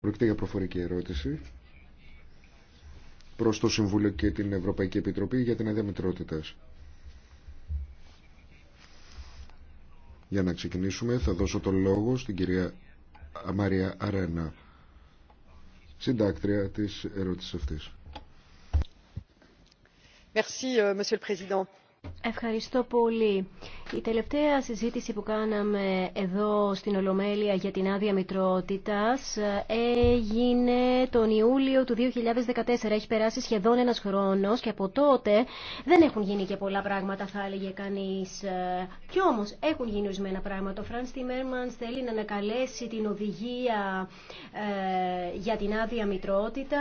Πρόκειται για προφορική ερώτηση προς το Συμβούλιο και την Ευρωπαϊκή Επιτροπή για την αδιαμετρότητα. Για να ξεκινήσουμε θα δώσω το λόγο στην κυρία Μαρία Αρένα, συντάκτρια της ερώτησης αυτής. Merci, euh, Monsieur le Président. Ευχαριστώ πολύ. Η τελευταία συζήτηση που κάναμε εδώ στην Ολομέλεια για την άδεια μητρότητας ε, έγινε τον Ιούλιο του 2014. Έχει περάσει σχεδόν ένας χρόνος και από τότε δεν έχουν γίνει και πολλά πράγματα θα έλεγε κανείς. Ε, κι όμως έχουν γίνει ορισμένα πράγματα. Ο Φρανς Τιμέρμανς θέλει να ανακαλέσει την οδηγία ε, για την άδεια μητρότητα.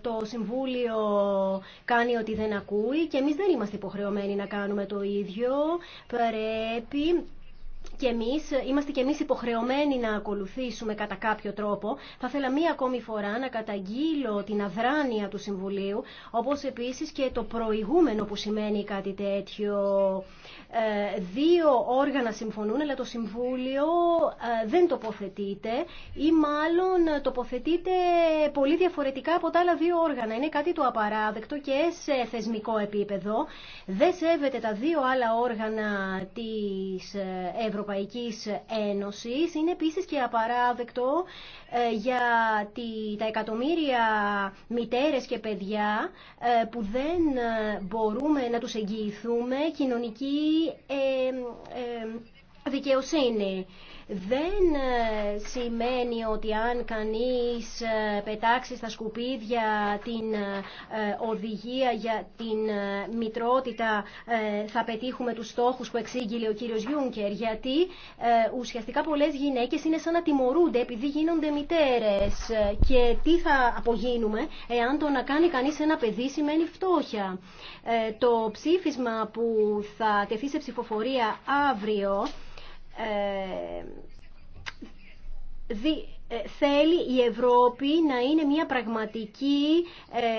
Το Συμβούλιο κάνει ότι δεν ακούει και εμείς δεν είμαστε υποχρεωμένοι υποχρεωμένοι να κάνουμε το ίδιο. Πρέπει και εμείς, ε, είμαστε και εμείς υποχρεωμένοι να ακολουθήσουμε κατά κάποιο τρόπο. Θα ήθελα μία ακόμη φορά να καταγγείλω την αδράνεια του Συμβουλίου, όπως επίσης και το προηγούμενο που σημαίνει κάτι τέτοιο. Ε, δύο όργανα συμφωνούν, αλλά το Συμβούλιο ε, δεν τοποθετείται ή μάλλον τοποθετείται πολύ διαφορετικά από τα άλλα δύο όργανα. Είναι κάτι το απαράδεκτο και σε θεσμικό επίπεδο. Δεν σέβεται τα δύο άλλα όργανα της Ευρωπαϊκής Ευρωπαϊκής Ένωσης. Είναι επίσης και απαράδεκτο ε, για τα εκατομμύρια μητέρες και παιδιά ε, που δεν ε, μπορούμε να τους εγγυηθούμε κοινωνική δικαιοσύνη δεν ε, σημαίνει ότι αν κανείς ε, πετάξει στα σκουπίδια την ε, οδηγία για την μητρότητα θα πετύχουμε τους στόχους που εξήγηλε ο κύριος Γιούνκερ γιατί ουσιαστικά πολλές γυναίκες είναι σαν να τιμωρούνται επειδή γίνονται μητέρες και τι θα απογίνουμε εάν το να κάνει κανείς ένα παιδί σημαίνει φτώχεια. Το ψήφισμα που θα τεθεί σε ψηφοφορία αύριο ε, δι, ε, θέλει η Ευρώπη να είναι μια πραγματική ε,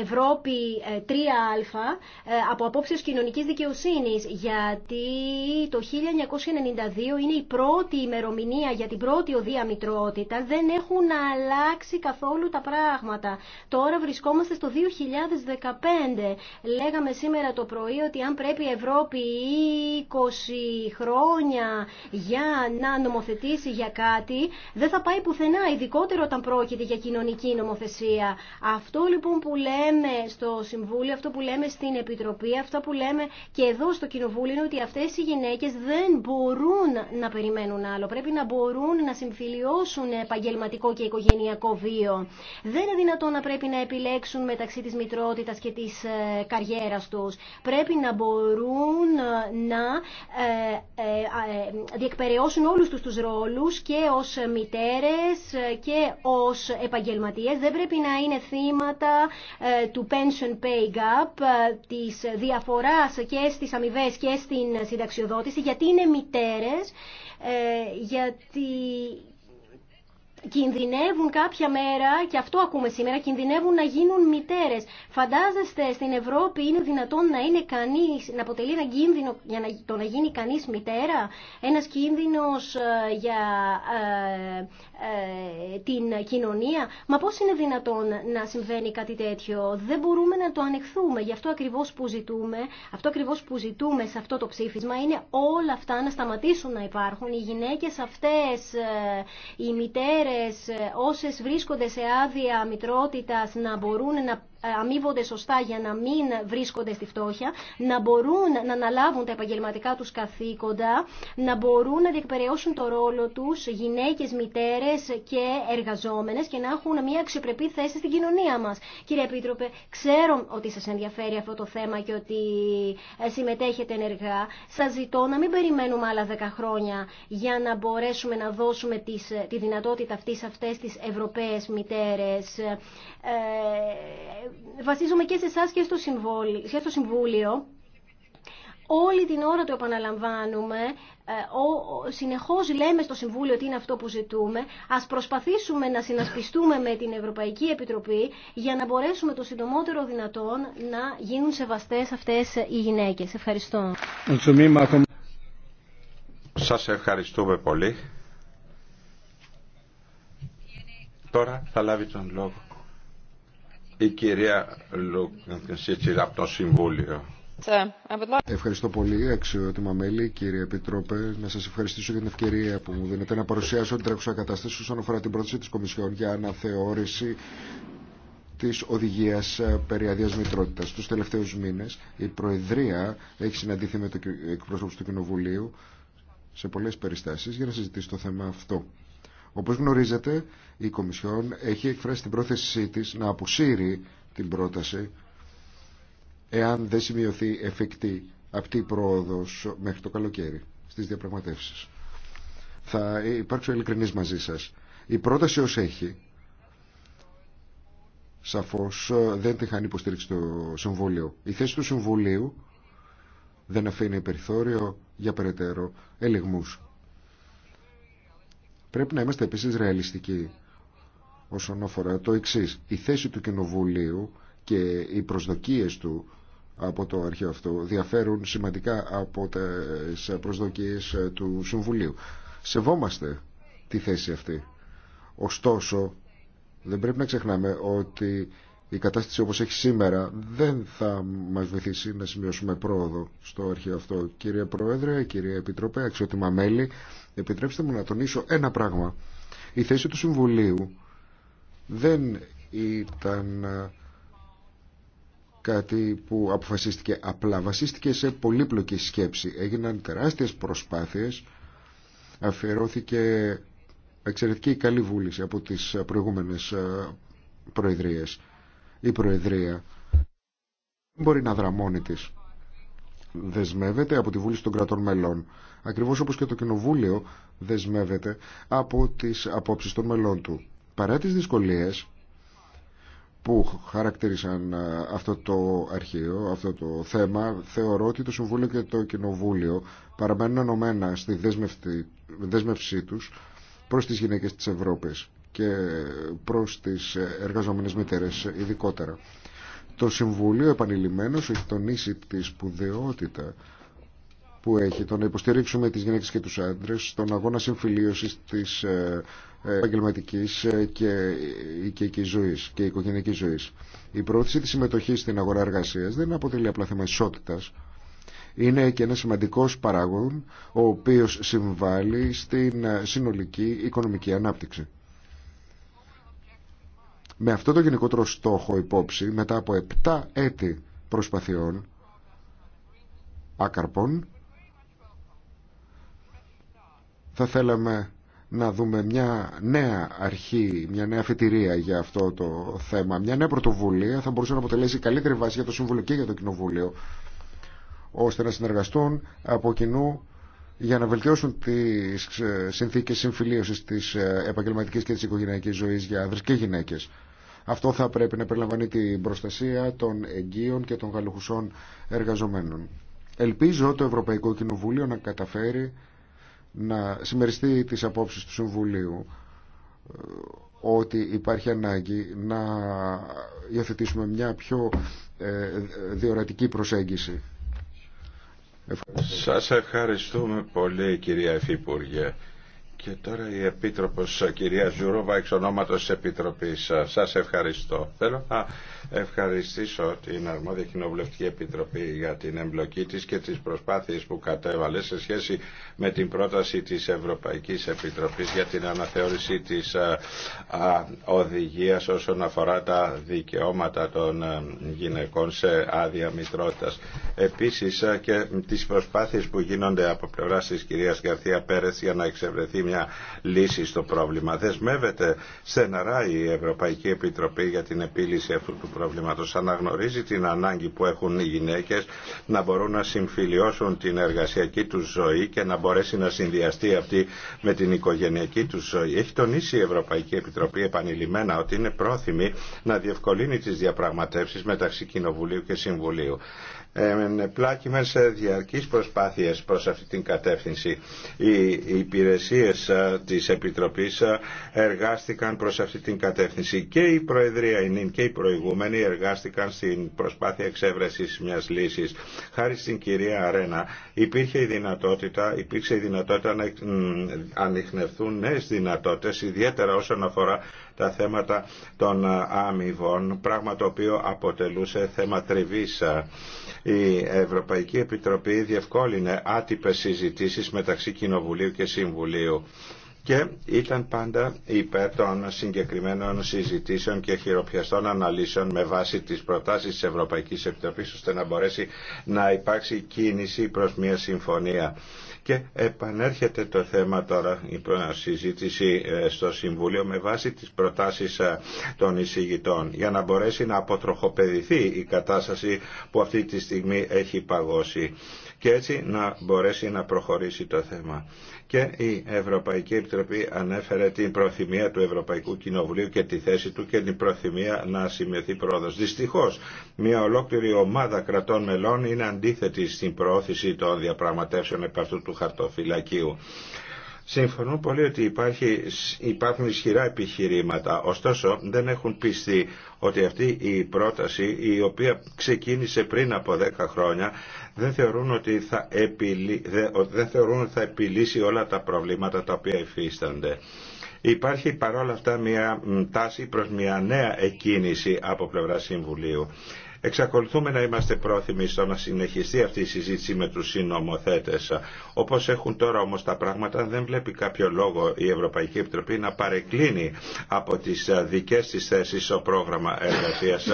Ευρώπη 3α ε, από απόψεις κοινωνικής δικαιοσύνης γιατί το 1992 είναι η πρώτη ημερομηνία για την πρώτη οδεία μητρότητα δεν έχουν αλλάξει καθόλου τα πράγματα τώρα βρισκόμαστε στο 2015 λέγαμε σήμερα το πρωί ότι αν πρέπει η Ευρώπη 20 χρόνια για να νομοθετήσει για κάτι δεν θα πάει πουθενά, ειδικότερο όταν πρόκειται για κοινωνική νομοθεσία. Αυτό λοιπόν που λέμε στο Συμβούλιο, αυτό που λέμε στην Επιτροπή, αυτό που λέμε και εδώ στο Κοινοβούλιο είναι ότι αυτές οι γυναίκες δεν μπορούν να περιμένουν άλλο. Πρέπει να μπορούν να συμφιλιώσουν επαγγελματικό και οικογενειακό βίο. Δεν είναι δυνατόν να πρέπει να επιλέξουν μεταξύ τη μητρότητα και της ε, καριέρα του. Πρέπει να μπορούν ε, να ε, διεκπαιρεώσουν όλους του τους και ω μητέρες και ως επαγγελματίες δεν πρέπει να είναι θύματα ε, του pension pay gap, ε, της διαφοράς και στις αμοιβέ και στην συνταξιοδότηση, γιατί είναι μητέρες, ε, γιατί κινδυνεύουν κάποια μέρα, και αυτό ακούμε σήμερα, κινδυνεύουν να γίνουν μητέρες. Φαντάζεστε στην Ευρώπη είναι δυνατόν να είναι κανείς, να αποτελεί ένα κίνδυνο για να, το να γίνει κανείς μητέρα, ένας κίνδυνος ε, για ε, ε, την κοινωνία. Μα πώς είναι δυνατόν να συμβαίνει κάτι τέτοιο. Δεν μπορούμε να το ανεχθούμε. Γι' αυτό ακριβώς που ζητούμε, αυτό ακριβώς που ζητούμε σε αυτό το ψήφισμα είναι όλα αυτά να σταματήσουν να υπάρχουν. Οι γυναίκες αυτές, ε, οι μητέρες ε, όσες βρίσκονται σε άδεια μητρότητας να μπορούν να ε, αμείβονται σωστά για να μην βρίσκονται στη φτώχεια, να μπορούν να αναλάβουν τα επαγγελματικά τους καθήκοντα, να μπορούν να διεκπαιρεώσουν το ρόλο τους γυναίκες, μητέρες και εργαζόμενες και να έχουν μια αξιοπρεπή θέση στην κοινωνία μας. Κύριε Επίτροπε, ξέρω ότι σας ενδιαφέρει αυτό το θέμα και ότι ε, συμμετέχετε ενεργά. Σας ζητώ να μην περιμένουμε άλλα 10 χρόνια για να μπορέσουμε να δώσουμε ε, τη δυνατότητα αυτή σε αυτές τις Ευρωπαίες μητέρες. Ε, βασίζομαι και σε εσά και στο Συμβούλιο. Όλη την ώρα το επαναλαμβάνουμε, ε, συνεχώς λέμε στο Συμβούλιο ότι είναι αυτό που ζητούμε. Ας προσπαθήσουμε να συνασπιστούμε με την Ευρωπαϊκή Επιτροπή για να μπορέσουμε το συντομότερο δυνατόν να γίνουν σεβαστές αυτές οι γυναίκες. Ευχαριστώ. Σας ευχαριστούμε πολύ. Τώρα θα λάβει τον λόγο η κυρία Λουκαντσίτσιλ από το Συμβούλιο. Ευχαριστώ πολύ, αξιότιμα μέλη, κύριε Επιτρόπε. Να σα ευχαριστήσω για την ευκαιρία που μου δίνετε να παρουσιάσω την τρέχουσα κατάσταση όσον αφορά την πρόταση τη Κομισιόν για αναθεώρηση τη οδηγία ε, περί αδεία μητρότητα. Του τελευταίου μήνε η Προεδρία έχει συναντήθει με το εκπρόσωπο του Κοινοβουλίου σε πολλέ περιστάσει για να συζητήσει το θέμα αυτό. Όπως γνωρίζετε, η Κομισιόν έχει εκφράσει την πρόθεσή της να αποσύρει την πρόταση εάν δεν σημειωθεί εφικτή αυτή η πρόοδος μέχρι το καλοκαίρι στις διαπραγματεύσεις. Θα υπάρξω ειλικρινής μαζί σας. Η πρόταση ως έχει σαφώς δεν την χάνει υποστήριξη το Συμβούλιο. Η θέση του Συμβουλίου δεν αφήνει περιθώριο για περαιτέρω ελιγμούς. Πρέπει να είμαστε επίσης ρεαλιστικοί όσον αφορά το εξή. Η θέση του Κοινοβουλίου και οι προσδοκίες του από το αρχείο αυτό διαφέρουν σημαντικά από τις προσδοκίες ε, του Συμβουλίου. Σεβόμαστε τη θέση αυτή. Ωστόσο, δεν πρέπει να ξεχνάμε ότι η κατάσταση όπως έχει σήμερα δεν θα μας βοηθήσει να σημειώσουμε πρόοδο στο αρχείο αυτό. Κύριε Πρόεδρε, κύριε Επιτροπέ, αξιότιμα μέλη, Επιτρέψτε μου να τονίσω ένα πράγμα. Η θέση του Συμβουλίου δεν ήταν ε, κάτι που αποφασίστηκε απλά. Βασίστηκε σε πολύπλοκη σκέψη. Έγιναν τεράστιες προσπάθειες. Αφιερώθηκε εξαιρετική καλή βούληση από τις προηγούμενες ε, προεδρίες. Η Προεδρία δεν μπορεί να δραμώνει της. Δεσμεύεται από τη Βούληση των Κρατών Μελών ακριβώς όπως και το Κοινοβούλιο δεσμεύεται από τις απόψεις των μελών του. Παρά τις δυσκολίες που χαρακτήρισαν ε, αυτό το αρχείο, αυτό το θέμα, θεωρώ ότι το Συμβούλιο και το Κοινοβούλιο παραμένουν ενωμένα στη δέσμευσή τους προς τις γυναίκες της Ευρώπης και προς τις εργαζόμενες μητέρες ειδικότερα. Το Συμβουλίο επανειλημμένως έχει τονίσει τη σπουδαιότητα που έχει το να υποστηρίξουμε τις γυναίκες και τους άντρες στον αγώνα συμφιλίωσης της ε, ε, επαγγελματική ε, και οικιακής ζωής και οικογενειακής ζωής. Η πρόθεση της συμμετοχής στην αγορά εργασίας δεν αποτελεί απλά θέμα ισότητας. Είναι και ένα σημαντικός παράγον ο οποίος συμβάλλει στην συνολική οικονομική ανάπτυξη. Με αυτό το γενικότερο στόχο υπόψη, μετά από 7 έτη προσπαθειών, άκαρπων, θα θέλαμε να δούμε μια νέα αρχή, μια νέα φετηρία για αυτό το θέμα. Μια νέα πρωτοβουλία θα μπορούσε να αποτελέσει καλύτερη βάση για το Συμβούλιο και για το Κοινοβούλιο ώστε να συνεργαστούν από κοινού για να βελτιώσουν τις ε, συνθήκες συμφιλίωσης της ε, επαγγελματικής και της οικογενειακής ζωής για άνδρες και γυναίκες. Αυτό θα πρέπει να περιλαμβάνει την προστασία των εγγύων και των γαλλουχουσών εργαζομένων. Ελπίζω το Ευρωπαϊκό Κοινοβούλιο να καταφέρει να συμμεριστεί τις απόψεις του Συμβουλίου ε, ότι υπάρχει ανάγκη να υιοθετήσουμε μια πιο ε, διορατική προσέγγιση. Ευχαριστώ. Σας ευχαριστούμε πολύ κυρία Υφυπουργέ. Και τώρα η Επίτροπος ε, κυρία Ζουρόβα εξ ονόματος της Επιτροπής. Ε, σας ευχαριστώ. Θέλω να ευχαριστήσω την Αρμόδια Κοινοβουλευτική Επιτροπή για την εμπλοκή της και τις προσπάθειες που κατέβαλε σε σχέση με την πρόταση της Ευρωπαϊκής Επιτροπής για την αναθεώρηση της ε, οδηγίας όσον αφορά τα δικαιώματα των γυναικών σε άδεια μητρότητας. Επίσης και τις προσπάθειες που γίνονται από πλευράς της κυρίας Γαρθία Πέρες για να εξευρεθεί μια λύση στο πρόβλημα. Δεσμεύεται στεναρά η Ευρωπαϊκή Επιτροπή για την επίλυση αυτού του προβλήματος. Αναγνωρίζει την ανάγκη που έχουν οι γυναίκες να μπορούν να συμφιλιώσουν την εργασιακή τους ζωή και να μπορέσει να συνδυαστεί αυτή με την οικογενειακή τους ζωή. Έχει τονίσει η Ευρωπαϊκή Επιτροπή επανειλημμένα ότι είναι πρόθυμη να διευκολύνει τις διαπραγματεύσεις μεταξύ Κοινοβουλίου και Συμβουλίου πλάκι μέσα σε διαρκείς προσπάθειες προς αυτή την κατεύθυνση. Οι υπηρεσίες της Επιτροπής εργάστηκαν προς αυτή την κατεύθυνση και η Προεδρία ΕΝΗΝ και οι προηγούμενοι εργάστηκαν στην προσπάθεια εξέβρεσης μιας λύσης. Χάρη στην κυρία Αρένα υπήρχε η δυνατότητα, υπήρξε η δυνατότητα να ανοιχνευθούν νέες δυνατότητες ιδιαίτερα όσον αφορά τα θέματα των άμοιβων, πράγμα το οποίο αποτελούσε θέμα τριβής. Η Ευρωπαϊκή Επιτροπή διευκόλυνε άτυπες συζητήσεις μεταξύ Κοινοβουλίου και Συμβουλίου και ήταν πάντα υπέρ των συγκεκριμένων συζητήσεων και χειροπιαστών αναλύσεων με βάση τις προτάσεις της Ευρωπαϊκής Επιτροπής ώστε να μπορέσει να υπάρξει κίνηση προς μια συμφωνία. Και επανέρχεται το θέμα τώρα, η συζήτηση ε, στο Συμβούλιο με βάση τις προτάσεις ε, των εισηγητών για να μπορέσει να αποτροχοπεδηθεί η κατάσταση που αυτή τη στιγμή έχει παγώσει και έτσι να μπορέσει να προχωρήσει το θέμα και η Ευρωπαϊκή Επιτροπή ανέφερε την προθυμία του Ευρωπαϊκού Κοινοβουλίου και τη θέση του και την προθυμία να σημειωθεί πρόοδος. Δυστυχώς, μια ολόκληρη ομάδα κρατών μελών είναι αντίθετη στην προώθηση των διαπραγματεύσεων επ' αυτού του χαρτοφυλακίου. Συμφωνώ πολύ ότι υπάρχει, υπάρχουν ισχυρά επιχειρήματα, ωστόσο δεν έχουν πιστεί ότι αυτή η πρόταση η οποία ξεκίνησε πριν από 10 χρόνια δεν θεωρούν ότι θα, επιλύ, δεν θεωρούν θα επιλύσει όλα τα προβλήματα τα οποία υφίστανται. Υπάρχει παρόλα αυτά μια τάση προς μια νέα εκκίνηση από πλευρά Συμβουλίου. Εξακολουθούμε να είμαστε πρόθυμοι στο να συνεχιστεί αυτή η συζήτηση με τους συνομοθέτες. Όπως έχουν τώρα όμως τα πράγματα δεν βλέπει κάποιο λόγο η Ευρωπαϊκή Επιτροπή να παρεκκλίνει από τις δικές της θέσεις στο πρόγραμμα εργασίας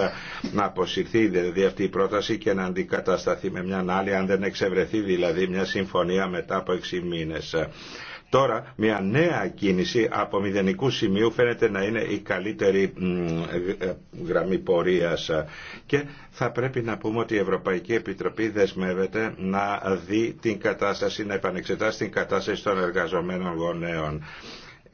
να αποσυρθεί δηλαδή αυτή η πρόταση και να αντικατασταθεί με μια άλλη αν δεν εξευρεθεί δηλαδή μια συμφωνία μετά από 6 μήνες. Τώρα μια νέα κίνηση από μηδενικού σημείου φαίνεται να είναι η καλύτερη ε, γραμμή πορείας και θα πρέπει να πούμε ότι η Ευρωπαϊκή Επιτροπή δεσμεύεται να δει την κατάσταση, να επανεξετάσει την κατάσταση των εργαζομένων γονέων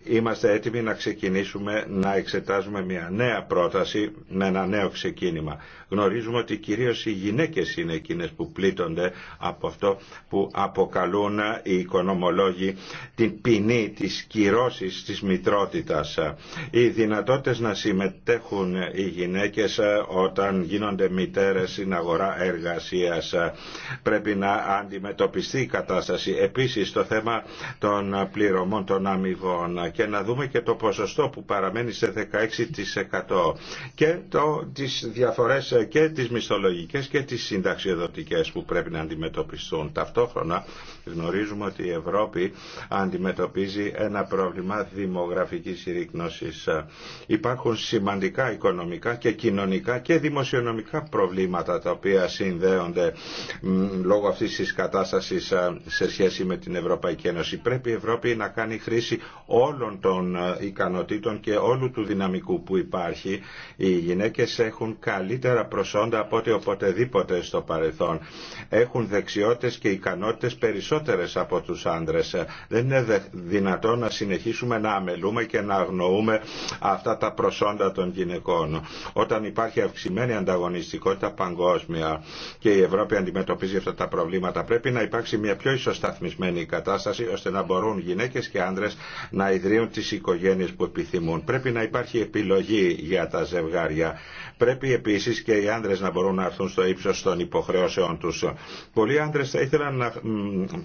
είμαστε έτοιμοι να ξεκινήσουμε να εξετάζουμε μια νέα πρόταση με ένα νέο ξεκίνημα. Γνωρίζουμε ότι κυρίως οι γυναίκες είναι εκείνες που πλήττονται από αυτό που αποκαλούν οι οικονομολόγοι την ποινή της κυρώσης της μητρότητας. Οι δυνατότητες να συμμετέχουν οι γυναίκες ε, όταν γίνονται μητέρες στην αγορά εργασίας ε, πρέπει να αντιμετωπιστεί η κατάσταση. Επίσης το θέμα των πληρωμών των αμοιβών και να δούμε και το ποσοστό που παραμένει σε 16% και το, τις διαφορές και τις μισθολογικές και τις συνταξιοδοτικές που πρέπει να αντιμετωπιστούν. Ταυτόχρονα γνωρίζουμε ότι η Ευρώπη αντιμετωπίζει ένα πρόβλημα δημογραφικής συρρήκνωσης. Υπάρχουν σημαντικά οικονομικά και κοινωνικά και δημοσιονομικά προβλήματα τα οποία συνδέονται λόγω αυτής της κατάστασης σε σχέση με την Ευρωπαϊκή Ένωση. Πρέπει η Ευρώπη να κάνει χρήση όλων όλων των ε, ικανοτήτων και όλου του δυναμικού που υπάρχει. Οι γυναίκες έχουν καλύτερα προσόντα από ό,τι οποτεδήποτε στο παρελθόν. Έχουν δεξιότητες και ικανότητες περισσότερες από τους άντρες. Δεν είναι δυνατόν να συνεχίσουμε να αμελούμε και να αγνοούμε αυτά τα προσόντα των γυναικών. Όταν υπάρχει αυξημένη ανταγωνιστικότητα παγκόσμια και η Ευρώπη αντιμετωπίζει αυτά τα προβλήματα, πρέπει να υπάρξει μια πιο ισοσταθμισμένη κατάσταση ώστε να μπορούν γυναίκες και άντρες να ιδρύουν συνεδρίου τις οικογένειες που επιθυμούν. Πρέπει να υπάρχει επιλογή για τα ζευγάρια. Πρέπει επίσης και οι άντρες να μπορούν να έρθουν στο ύψος των υποχρεώσεών τους. Πολλοί άντρες θα ήθελαν να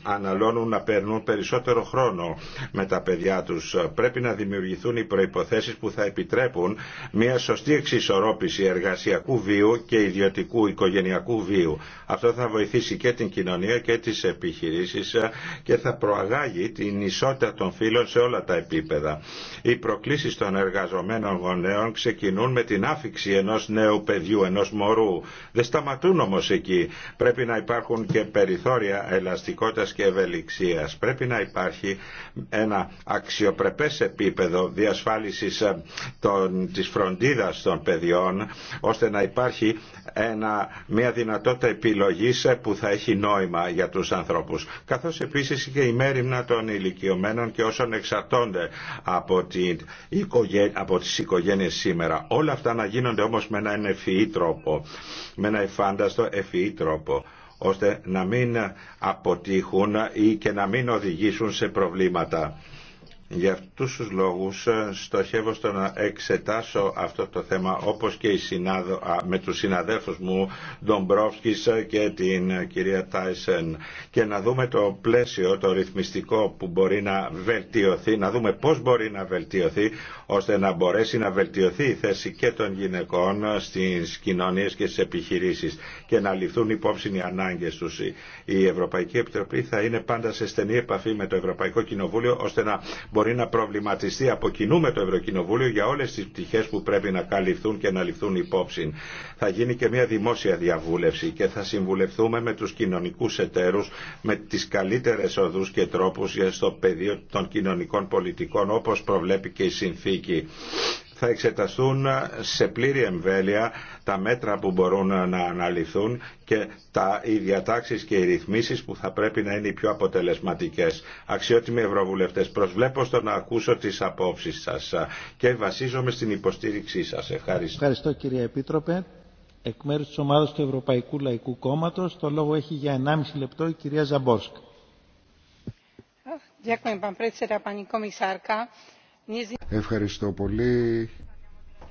αναλώνουν να παίρνουν περισσότερο χρόνο με τα παιδιά τους. Πρέπει να δημιουργηθούν οι προϋποθέσεις που θα επιτρέπουν μια σωστή εξισορρόπηση εργασιακού βίου και ιδιωτικού οικογενειακού βίου. Αυτό θα βοηθήσει και την κοινωνία και τις επιχειρήσεις και θα προαγάγει την ισότητα των φύλων σε όλα τα επίπεδα. Οι προκλήσεις των εργαζομένων γονέων ξεκινούν με την άφηξη ενός νέου παιδιού, ενός μωρού. Δεν σταματούν όμως εκεί. Πρέπει να υπάρχουν και περιθώρια ελαστικότητας και ευελιξίας. Πρέπει να υπάρχει ένα αξιοπρεπές επίπεδο διασφάλισης ε, των, της φροντίδας των παιδιών, ώστε να υπάρχει μια δυνατότητα επιλογής ε, που θα έχει νόημα για τους ανθρώπους. Καθώς επίσης και η μέρημνα των ηλικιωμένων και όσων εξαρτώνται από, την, από τις οικογένειες σήμερα. Όλα αυτά να γίνονται όμως με έναν ευφυή τρόπο, με ένα εφάνταστο ευφυή τρόπο ώστε να μην αποτύχουν ή και να μην οδηγήσουν σε προβλήματα. Για αυτούς τους λόγους ε, στοχεύω στο να εξετάσω αυτό το θέμα όπως και με τους συναδέλφους μου Ντομπρόφσκης και την κυρία Τάισεν και να δούμε το πλαίσιο, το ρυθμιστικό που μπορεί να βελτιωθεί, να δούμε πώς μπορεί να βελτιωθεί ώστε να μπορέσει να βελτιωθεί η θέση και των γυναικών στις κοινωνίες και στις επιχειρήσεις και να ληφθούν υπόψη οι ανάγκε του. Η Ευρωπαϊκή Επιτροπή θα είναι πάντα σε στενή επαφή με το Ευρωπαϊκό Κοινοβούλιο ώστε να μπορεί να προβληματιστεί από κοινού με το Ευρωκοινοβούλιο για όλε τι πτυχέ που πρέπει να καλυφθούν και να ληφθούν υπόψη. Θα γίνει και μια δημόσια διαβούλευση και θα συμβουλευτούμε με του κοινωνικού εταίρου με τι καλύτερε οδού και τρόπου στο πεδίο των κοινωνικών πολιτικών όπω προβλέπει και η συνθήκη θα εξεταστούν σε πλήρη εμβέλεια τα μέτρα που μπορούν να αναλυθούν και τα, οι διατάξεις και οι ρυθμίσεις που θα πρέπει να είναι οι πιο αποτελεσματικές. Αξιότιμοι Ευρωβουλευτές, προσβλέπω στο να ακούσω τις απόψεις σας και βασίζομαι στην υποστήριξή σας. Ευχαριστώ. Ευχαριστώ κύριε Επίτροπε. Εκ μέρους της ομάδας του Ευρωπαϊκού Λαϊκού Κόμματος, το λόγο έχει για 1,5 λεπτό η κυρία Ζαμπόρσκα Ευχαριστώ πολύ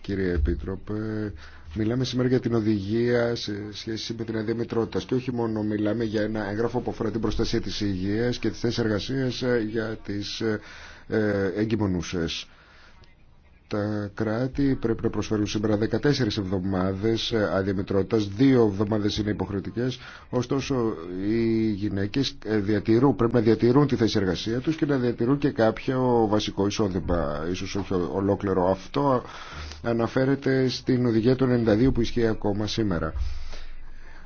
κύριε Επίτροπε. Μιλάμε σήμερα για την οδηγία σε σχέση με την αδιαμητρότητα και όχι μόνο μιλάμε για ένα έγγραφο που αφορά την προστασία της υγείας και τις θέσεις εργασίας ε, για τις ε, ε, εγκυμονούσες τα κράτη πρέπει να προσφέρουν σήμερα 14 εβδομάδες ε, αδιαμητρότητα. δύο εβδομάδες είναι υποχρεωτικές, ωστόσο οι γυναίκες ε, διατηρούν, πρέπει να διατηρούν τη θέση εργασία τους και να διατηρούν και κάποιο βασικό εισόδημα, ίσως όχι ολόκληρο. Αυτό αναφέρεται στην οδηγία του 92 που ισχύει ακόμα σήμερα.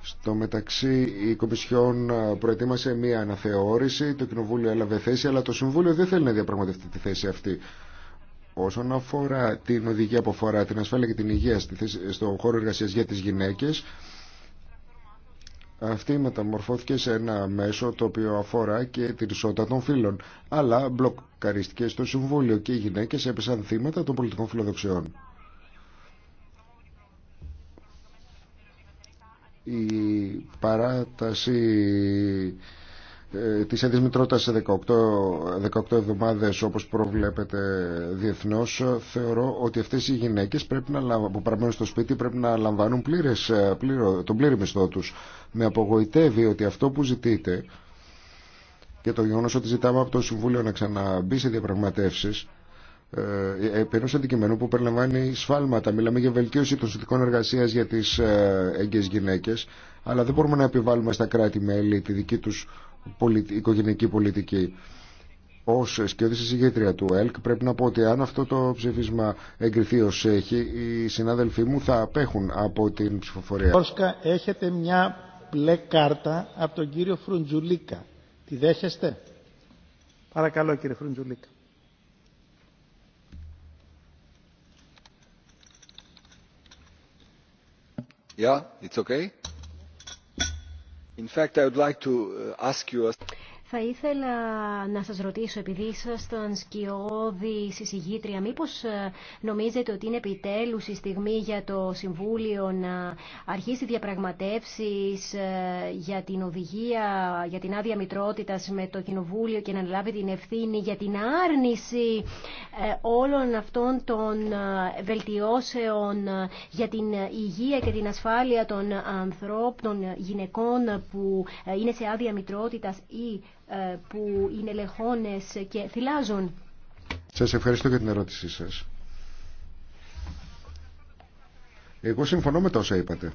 Στο μεταξύ η Κομισιόν ε, προετοίμασε μία αναθεώρηση, το Κοινοβούλιο έλαβε θέση, αλλά το Συμβούλιο δεν θέλει να διαπραγματευτεί τη θέση αυτή. Όσον αφορά την οδηγία που αφορά την ασφάλεια και την υγεία στον χώρο εργασίας για τις γυναίκες, αυτή μεταμορφώθηκε σε ένα μέσο το οποίο αφορά και την ισότητα των φύλων, αλλά μπλοκαρίστηκε στο Συμβούλιο και οι γυναίκες έπεσαν θύματα των πολιτικών φιλοδοξιών. Η παράταση ε, τη ένδυση μητρότητα σε 18, 18 εβδομάδες όπως προβλέπεται διεθνώς θεωρώ ότι αυτέ οι γυναίκε που παραμένουν στο σπίτι πρέπει να λαμβάνουν πλήρες, ε, πλήρω, τον πλήρη μισθό τους. Με απογοητεύει ότι αυτό που ζητείτε και το γεγονό ότι ζητάμε από το Συμβούλιο να ξαναμπεί σε διαπραγματεύσεις ε, επί ενό αντικειμένου που περιλαμβάνει σφάλματα. Μιλάμε για βελτίωση των συνθηκών εργασία για τι έγκυε γυναίκε, αλλά δεν μπορούμε να επιβάλλουμε στα κράτη-μέλη τη δική του οικογενειακή πολιτική. Ω η ηγέτρια του ΕΛΚ πρέπει να πω ότι αν αυτό το ψήφισμα εγκριθεί ω έχει, οι συνάδελφοί μου θα απέχουν από την ψηφοφορία. Όσκα, έχετε μια μπλε κάρτα από τον κύριο Φρουντζουλίκα. Τη δέχεστε. Παρακαλώ κύριε Φρουντζουλίκα. Yeah, it's okay. In fact, I would like to ask you... Θα ήθελα να σας ρωτήσω, επειδή ήσασταν σκιώδη συζυγήτρια, μήπως ε, νομίζετε ότι είναι επιτέλους η στιγμή για το Συμβούλιο να αρχίσει διαπραγματεύσεις ε, για την οδηγία, για την άδεια μητρότητας με το Κοινοβούλιο και να λάβει την ευθύνη για την άρνηση ε, όλων αυτών των βελτιώσεων για την υγεία και την ασφάλεια των ανθρώπων, των γυναικών που είναι σε άδεια μητρότητας ή ε, που είναι λεχόνες και θυλάζουν. Σας ευχαριστώ για την ερώτησή σας. Εγώ συμφωνώ με τα όσα είπατε.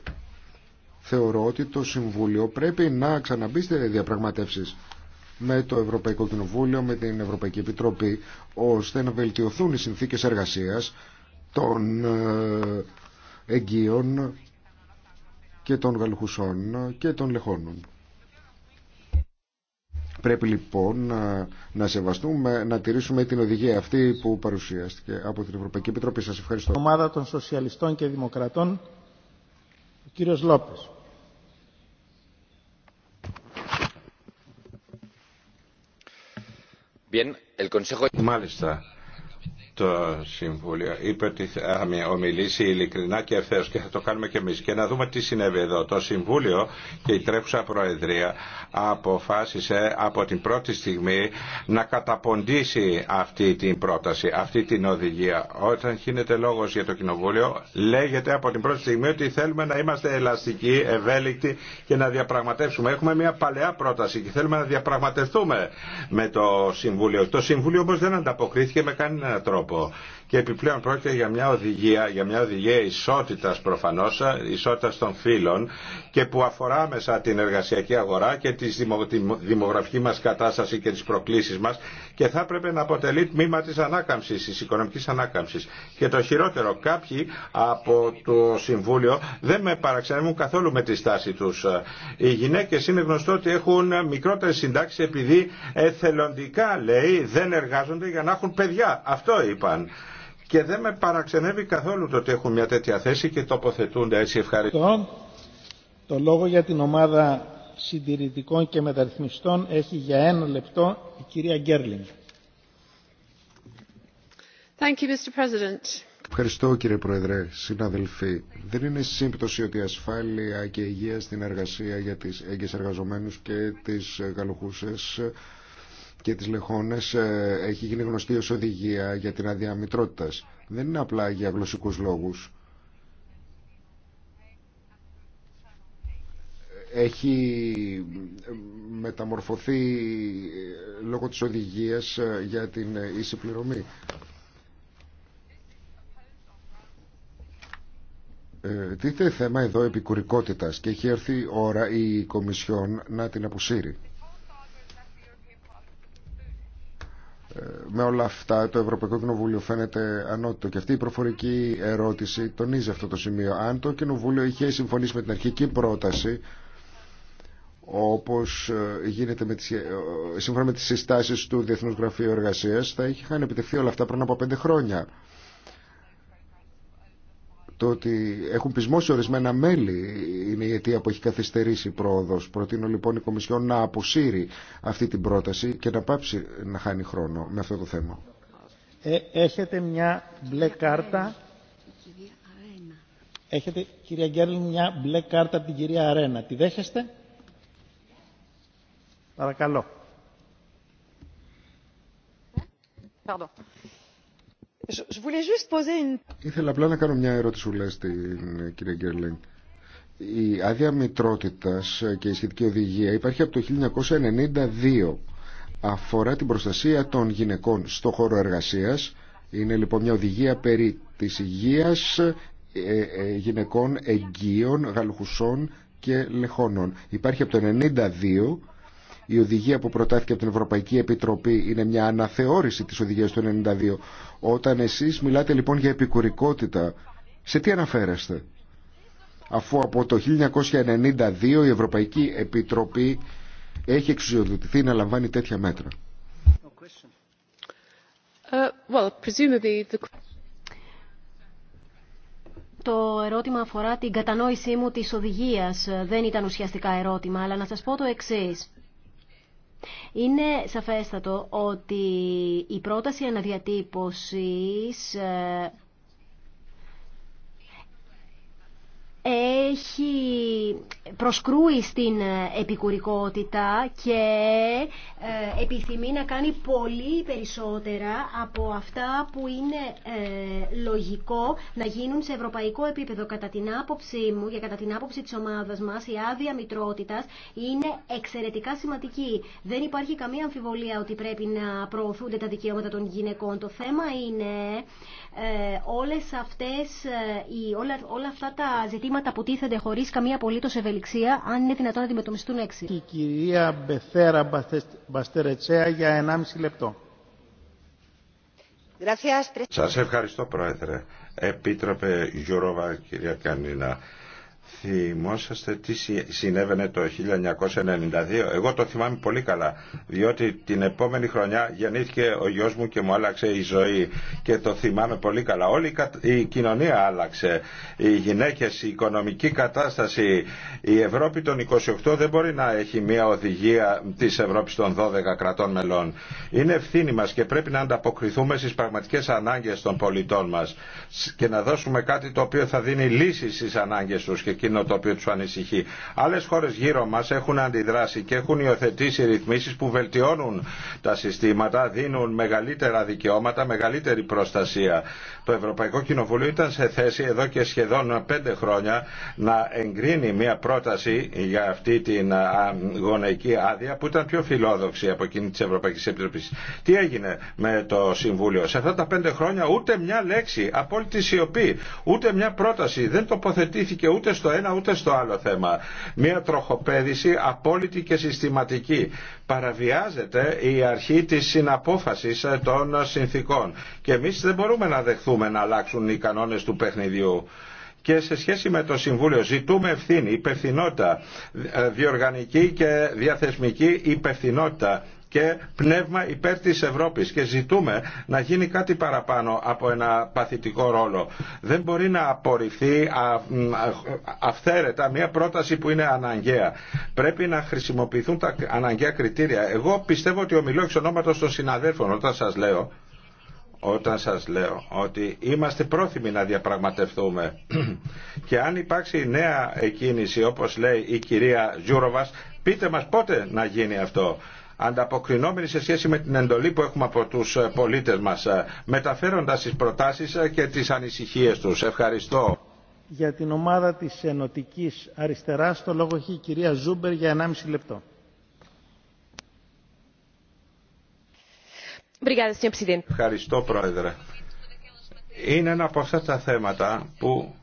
Θεωρώ ότι το Συμβούλιο πρέπει να ξαναμπεί στη διαπραγματεύσεις με το Ευρωπαϊκό Κοινοβούλιο, με την Ευρωπαϊκή Επιτροπή, ώστε να βελτιωθούν οι συνθήκες εργασίας των ε, εγγύων και των γαλουχουσών και των λεχόνων. Πρέπει λοιπόν να, ε, να σεβαστούμε, να τηρήσουμε την οδηγία αυτή που παρουσιάστηκε από την Ευρωπαϊκή Επιτροπή. Σας ευχαριστώ. Ομάδα των Σοσιαλιστών και Δημοκρατών, ο κύριος Λόπες. Bien, el Consejo... Μάλιστα, το Συμβούλιο είπε ότι θα ομιλήσει ειλικρινά και ευθέως και θα το κάνουμε και εμείς και να δούμε τι συνέβη εδώ. Το Συμβούλιο και η τρέχουσα Προεδρία αποφάσισε από την πρώτη στιγμή να καταποντήσει αυτή την πρόταση, αυτή την οδηγία. Όταν γίνεται λόγος για το Κοινοβούλιο λέγεται από την πρώτη στιγμή ότι θέλουμε να είμαστε ελαστικοί, ευέλικτοι και να διαπραγματεύσουμε. Έχουμε μια παλαιά πρόταση και θέλουμε να διαπραγματευτούμε με το Συμβούλιο. Το Συμβούλιο όμως δεν ανταποκρίθηκε με κανένα τρόπο από και επιπλέον πρόκειται για μια οδηγία, για μια οδηγία ισότητας προφανώς, ισότητας των φύλων και που αφορά μέσα την εργασιακή αγορά και τη δημογραφική μας κατάσταση και τις προκλήσεις μας και θα έπρεπε να αποτελεί τμήμα της ανάκαμψης, της οικονομικής ανάκαμψης. Και το χειρότερο, κάποιοι από το Συμβούλιο δεν με παραξενεύουν καθόλου με τη στάση τους. Οι γυναίκες είναι γνωστό ότι έχουν μικρότερες συντάξεις επειδή εθελοντικά, λέει, δεν εργάζονται για να έχουν παιδιά. Αυτό είπαν και δεν με παραξενεύει καθόλου το ότι έχουν μια τέτοια θέση και τοποθετούνται έτσι ευχαριστώ. Λοιπόν, το λόγο για την ομάδα συντηρητικών και μεταρρυθμιστών έχει για ένα λεπτό η κυρία Γκέρλινγκ. Thank you, Mr. President. Ευχαριστώ κύριε Πρόεδρε, συναδελφοί. Δεν είναι σύμπτωση ότι η ασφάλεια και η υγεία στην εργασία για τις έγκες εργαζομένους και τις καλοχούσες και τις λεχόνες ε, έχει γίνει γνωστή ως οδηγία για την αδιαμητρότητα. Δεν είναι απλά για γλωσσικούς λόγους. Έχει ε, μεταμορφωθεί ε, λόγω της οδηγίας για την ίση πληρωμή. Τίθε θέμα εδώ επικουρικότητας και έχει έρθει ώρα η Κομισιόν να την αποσύρει. με όλα αυτά το Ευρωπαϊκό Κοινοβούλιο φαίνεται ανώτητο και αυτή η προφορική ερώτηση τονίζει αυτό το σημείο. Αν το Κοινοβούλιο είχε συμφωνήσει με την αρχική πρόταση όπως ε, γίνεται με τις, ε, ε, σύμφωνα με τις συστάσεις του Διεθνούς Γραφείου Εργασίας θα είχαν επιτευχθεί όλα αυτά πριν από πέντε χρόνια. Το ότι έχουν πεισμώσει ορισμένα μέλη είναι η αιτία που έχει καθυστερήσει η πρόοδο. Προτείνω λοιπόν η Κομισιόν να αποσύρει αυτή την πρόταση και να πάψει να χάνει χρόνο με αυτό το θέμα. Ε, έχετε μια μπλε κάρτα. Έχετε, κυρία Γκέρλιν, μια μπλε κάρτα από την κυρία Αρένα. Τη δέχεστε? Παρακαλώ. Ήθελα απλά να κάνω μια ερώτηση λέει στην ε, κυρία Γκέρλινγκ. Η άδεια μητρότητα ε, και η σχετική οδηγία υπάρχει από το 1992. Αφορά την προστασία των γυναικών στο χώρο εργασία, Είναι λοιπόν μια οδηγία περί της υγείας ε, γυναικών εγγύων, γαλουχουσών και λεχόνων. Υπάρχει από το 1992 η οδηγία που προτάθηκε από την Ευρωπαϊκή Επιτροπή είναι μια αναθεώρηση της οδηγίας του 92. Όταν εσείς μιλάτε λοιπόν για επικουρικότητα, σε τι αναφέρεστε. Αφού από το 1992 η Ευρωπαϊκή Επιτροπή έχει εξουσιοδοτηθεί να λαμβάνει τέτοια μέτρα. Ε, well, presumably the... Το ερώτημα αφορά την κατανόησή μου της οδηγίας. Δεν ήταν ουσιαστικά ερώτημα, αλλά να σας πω το εξής. Είναι σαφέστατο ότι η πρόταση αναδιατύπωσης ε, έχει προσκρούει στην ε, επικουρικότητα και ε, επιθυμεί να κάνει πολύ περισσότερα από αυτά που είναι ε, λογικό να γίνουν σε ευρωπαϊκό επίπεδο. Κατά την άποψή μου και κατά την άποψη της ομάδας μας, η άδεια μητρότητας είναι εξαιρετικά σημαντική. Δεν υπάρχει καμία αμφιβολία ότι πρέπει να προωθούνται τα δικαιώματα των γυναικών. Το θέμα είναι ε, όλες αυτές, ε, οι, όλα, όλα αυτά τα ζητήματα που τίθενται χωρίς καμία απολύτως ευελιξία, αν είναι δυνατόν να αντιμετωπιστούν έξι. Η κυρία Μπεθέρα Μπαστερετσέα για 1,5 λεπτό. Σας ευχαριστώ Πρόεδρε. Επίτροπε Γιώροβα, κυρία Κανίνα θυμόσαστε τι συνέβαινε το 1992. Εγώ το θυμάμαι πολύ καλά, διότι την επόμενη χρονιά γεννήθηκε ο γιος μου και μου άλλαξε η ζωή και το θυμάμαι πολύ καλά. Όλη η κοινωνία άλλαξε, οι γυναίκες, η οικονομική κατάσταση, η Ευρώπη των 28 δεν μπορεί να έχει μια οδηγία της Ευρώπης των 12 κρατών μελών. Είναι ευθύνη μας και πρέπει να ανταποκριθούμε στις πραγματικές ανάγκες των πολιτών μας και να δώσουμε κάτι το οποίο θα δίνει λύσεις στις ανάγκες τους εκείνο το οποίο του ανησυχεί. Άλλε χώρε γύρω μα έχουν αντιδράσει και έχουν υιοθετήσει ρυθμίσει που βελτιώνουν τα συστήματα, δίνουν μεγαλύτερα δικαιώματα, μεγαλύτερη προστασία. Το Ευρωπαϊκό Κοινοβούλιο ήταν σε θέση εδώ και σχεδόν πέντε χρόνια να εγκρίνει μια πρόταση για αυτή την γονεϊκή άδεια που ήταν πιο φιλόδοξη από εκείνη τη Ευρωπαϊκή Επιτροπή. Τι έγινε με το Συμβούλιο. Σε αυτά τα πέντε χρόνια ούτε μια λέξη, απόλυτη σιωπή, ούτε μια πρόταση δεν τοποθετήθηκε ούτε στο ένα ούτε στο άλλο θέμα. Μία τροχοπέδηση απόλυτη και συστηματική. Παραβιάζεται η αρχή της συναπόφασης των συνθήκων. Και εμείς δεν μπορούμε να δεχθούμε να αλλάξουν οι κανόνες του παιχνιδιού και σε σχέση με το Συμβούλιο ζητούμε ευθύνη, υπευθυνότητα, διοργανική και διαθεσμική υπευθυνότητα και πνεύμα υπέρ της Ευρώπης και ζητούμε να γίνει κάτι παραπάνω από ένα παθητικό ρόλο. Δεν μπορεί να απορριφθεί αυθαίρετα μια πρόταση που είναι αναγκαία. Πρέπει να χρησιμοποιηθούν τα αναγκαία κριτήρια. Εγώ πιστεύω ότι ομιλώ εξ ονόματος των συναδέλφων όταν σας λέω όταν σας λέω ότι είμαστε πρόθυμοι να διαπραγματευτούμε και αν υπάρξει νέα εκκίνηση όπως λέει η κυρία Ζούροβας πείτε μας πότε να γίνει αυτό ανταποκρινόμενοι σε σχέση με την εντολή που έχουμε από τους ε, πολίτες μας, ε, μεταφέροντας τις προτάσεις ε, και τις ανησυχίες τους. Ευχαριστώ. Για την ομάδα της Ενωτικής Αριστεράς, το λόγο έχει η κυρία Ζούμπερ για 1,5 λεπτό. Ευχαριστώ, Πρόεδρε. Είναι ένα από αυτά τα θέματα που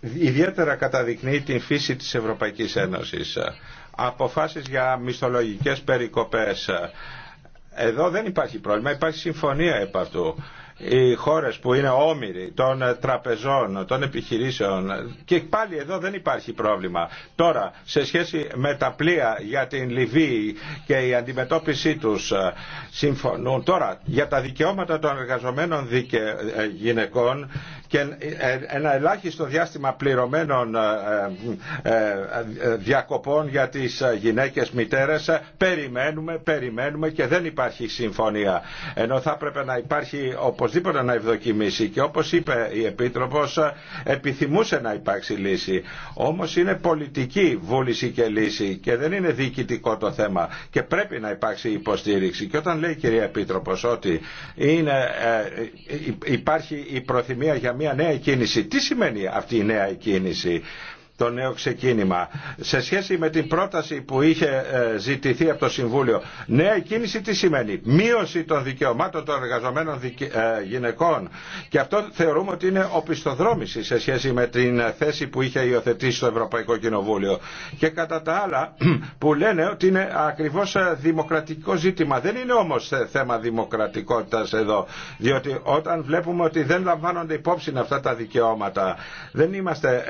ιδιαίτερα καταδεικνύει την φύση της Ευρωπαϊκής Ένωσης. Αποφάσεις για μισθολογικές περικοπές. Εδώ δεν υπάρχει πρόβλημα, υπάρχει συμφωνία επ' αυτού οι χώρες που είναι όμοιροι των τραπεζών, των επιχειρήσεων και πάλι εδώ δεν υπάρχει πρόβλημα. Τώρα, σε σχέση με τα πλοία για την Λιβύη και η αντιμετώπιση τους συμφωνούν. Τώρα, για τα δικαιώματα των εργαζομένων γυναικών και ε, ένα ελάχιστο διάστημα πληρωμένων ε, ε, διακοπών για τις γυναίκες μητέρες περιμένουμε, περιμένουμε και δεν υπάρχει συμφωνία ενώ θα έπρεπε να υπάρχει οπωσδήποτε να ευδοκιμήσει και όπως είπε η Επίτροπος επιθυμούσε να υπάρξει λύση όμως είναι πολιτική βούληση και λύση και δεν είναι διοικητικό το θέμα και πρέπει να υπάρξει υποστήριξη και όταν λέει η κυρία Επίτροπος ότι είναι, υπάρχει η προθυμία για μια νέα κίνηση. Τι σημαίνει αυτή η νέα κίνηση το νέο ξεκίνημα. Σε σχέση με την πρόταση που είχε ε, ζητηθεί από το Συμβούλιο, νέα κίνηση τι σημαίνει. Μείωση των δικαιωμάτων των εργαζομένων ε, γυναικών. Και αυτό θεωρούμε ότι είναι οπισθοδρόμηση σε σχέση με την θέση που είχε υιοθετήσει το Ευρωπαϊκό Κοινοβούλιο. Και κατά τα άλλα που λένε ότι είναι ακριβώς ε, δημοκρατικό ζήτημα. Δεν είναι όμως θέμα δημοκρατικότητας εδώ. Διότι όταν βλέπουμε ότι δεν λαμβάνονται υπόψη αυτά τα δικαιώματα, δεν είμαστε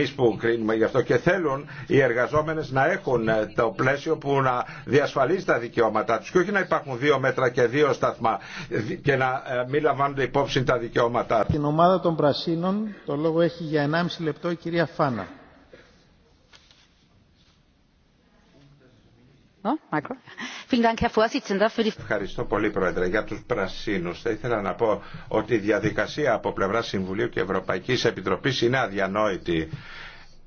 εμεί που κρίνουμε γι' αυτό και θέλουν οι εργαζόμενε να έχουν ε, το πλαίσιο που να διασφαλίζει τα δικαιώματά του και όχι να υπάρχουν δύο μέτρα και δύο σταθμά και να ε, μην λαμβάνονται υπόψη τα δικαιώματά του. ομάδα των Πρασίνων το λόγο έχει για 1,5 λεπτό η κυρία Φάνα. Ευχαριστώ πολύ Πρόεδρε. Για τους πρασίνους θα ήθελα να πω ότι η διαδικασία από πλευρά Συμβουλίου και Ευρωπαϊκής Επιτροπής είναι αδιανόητη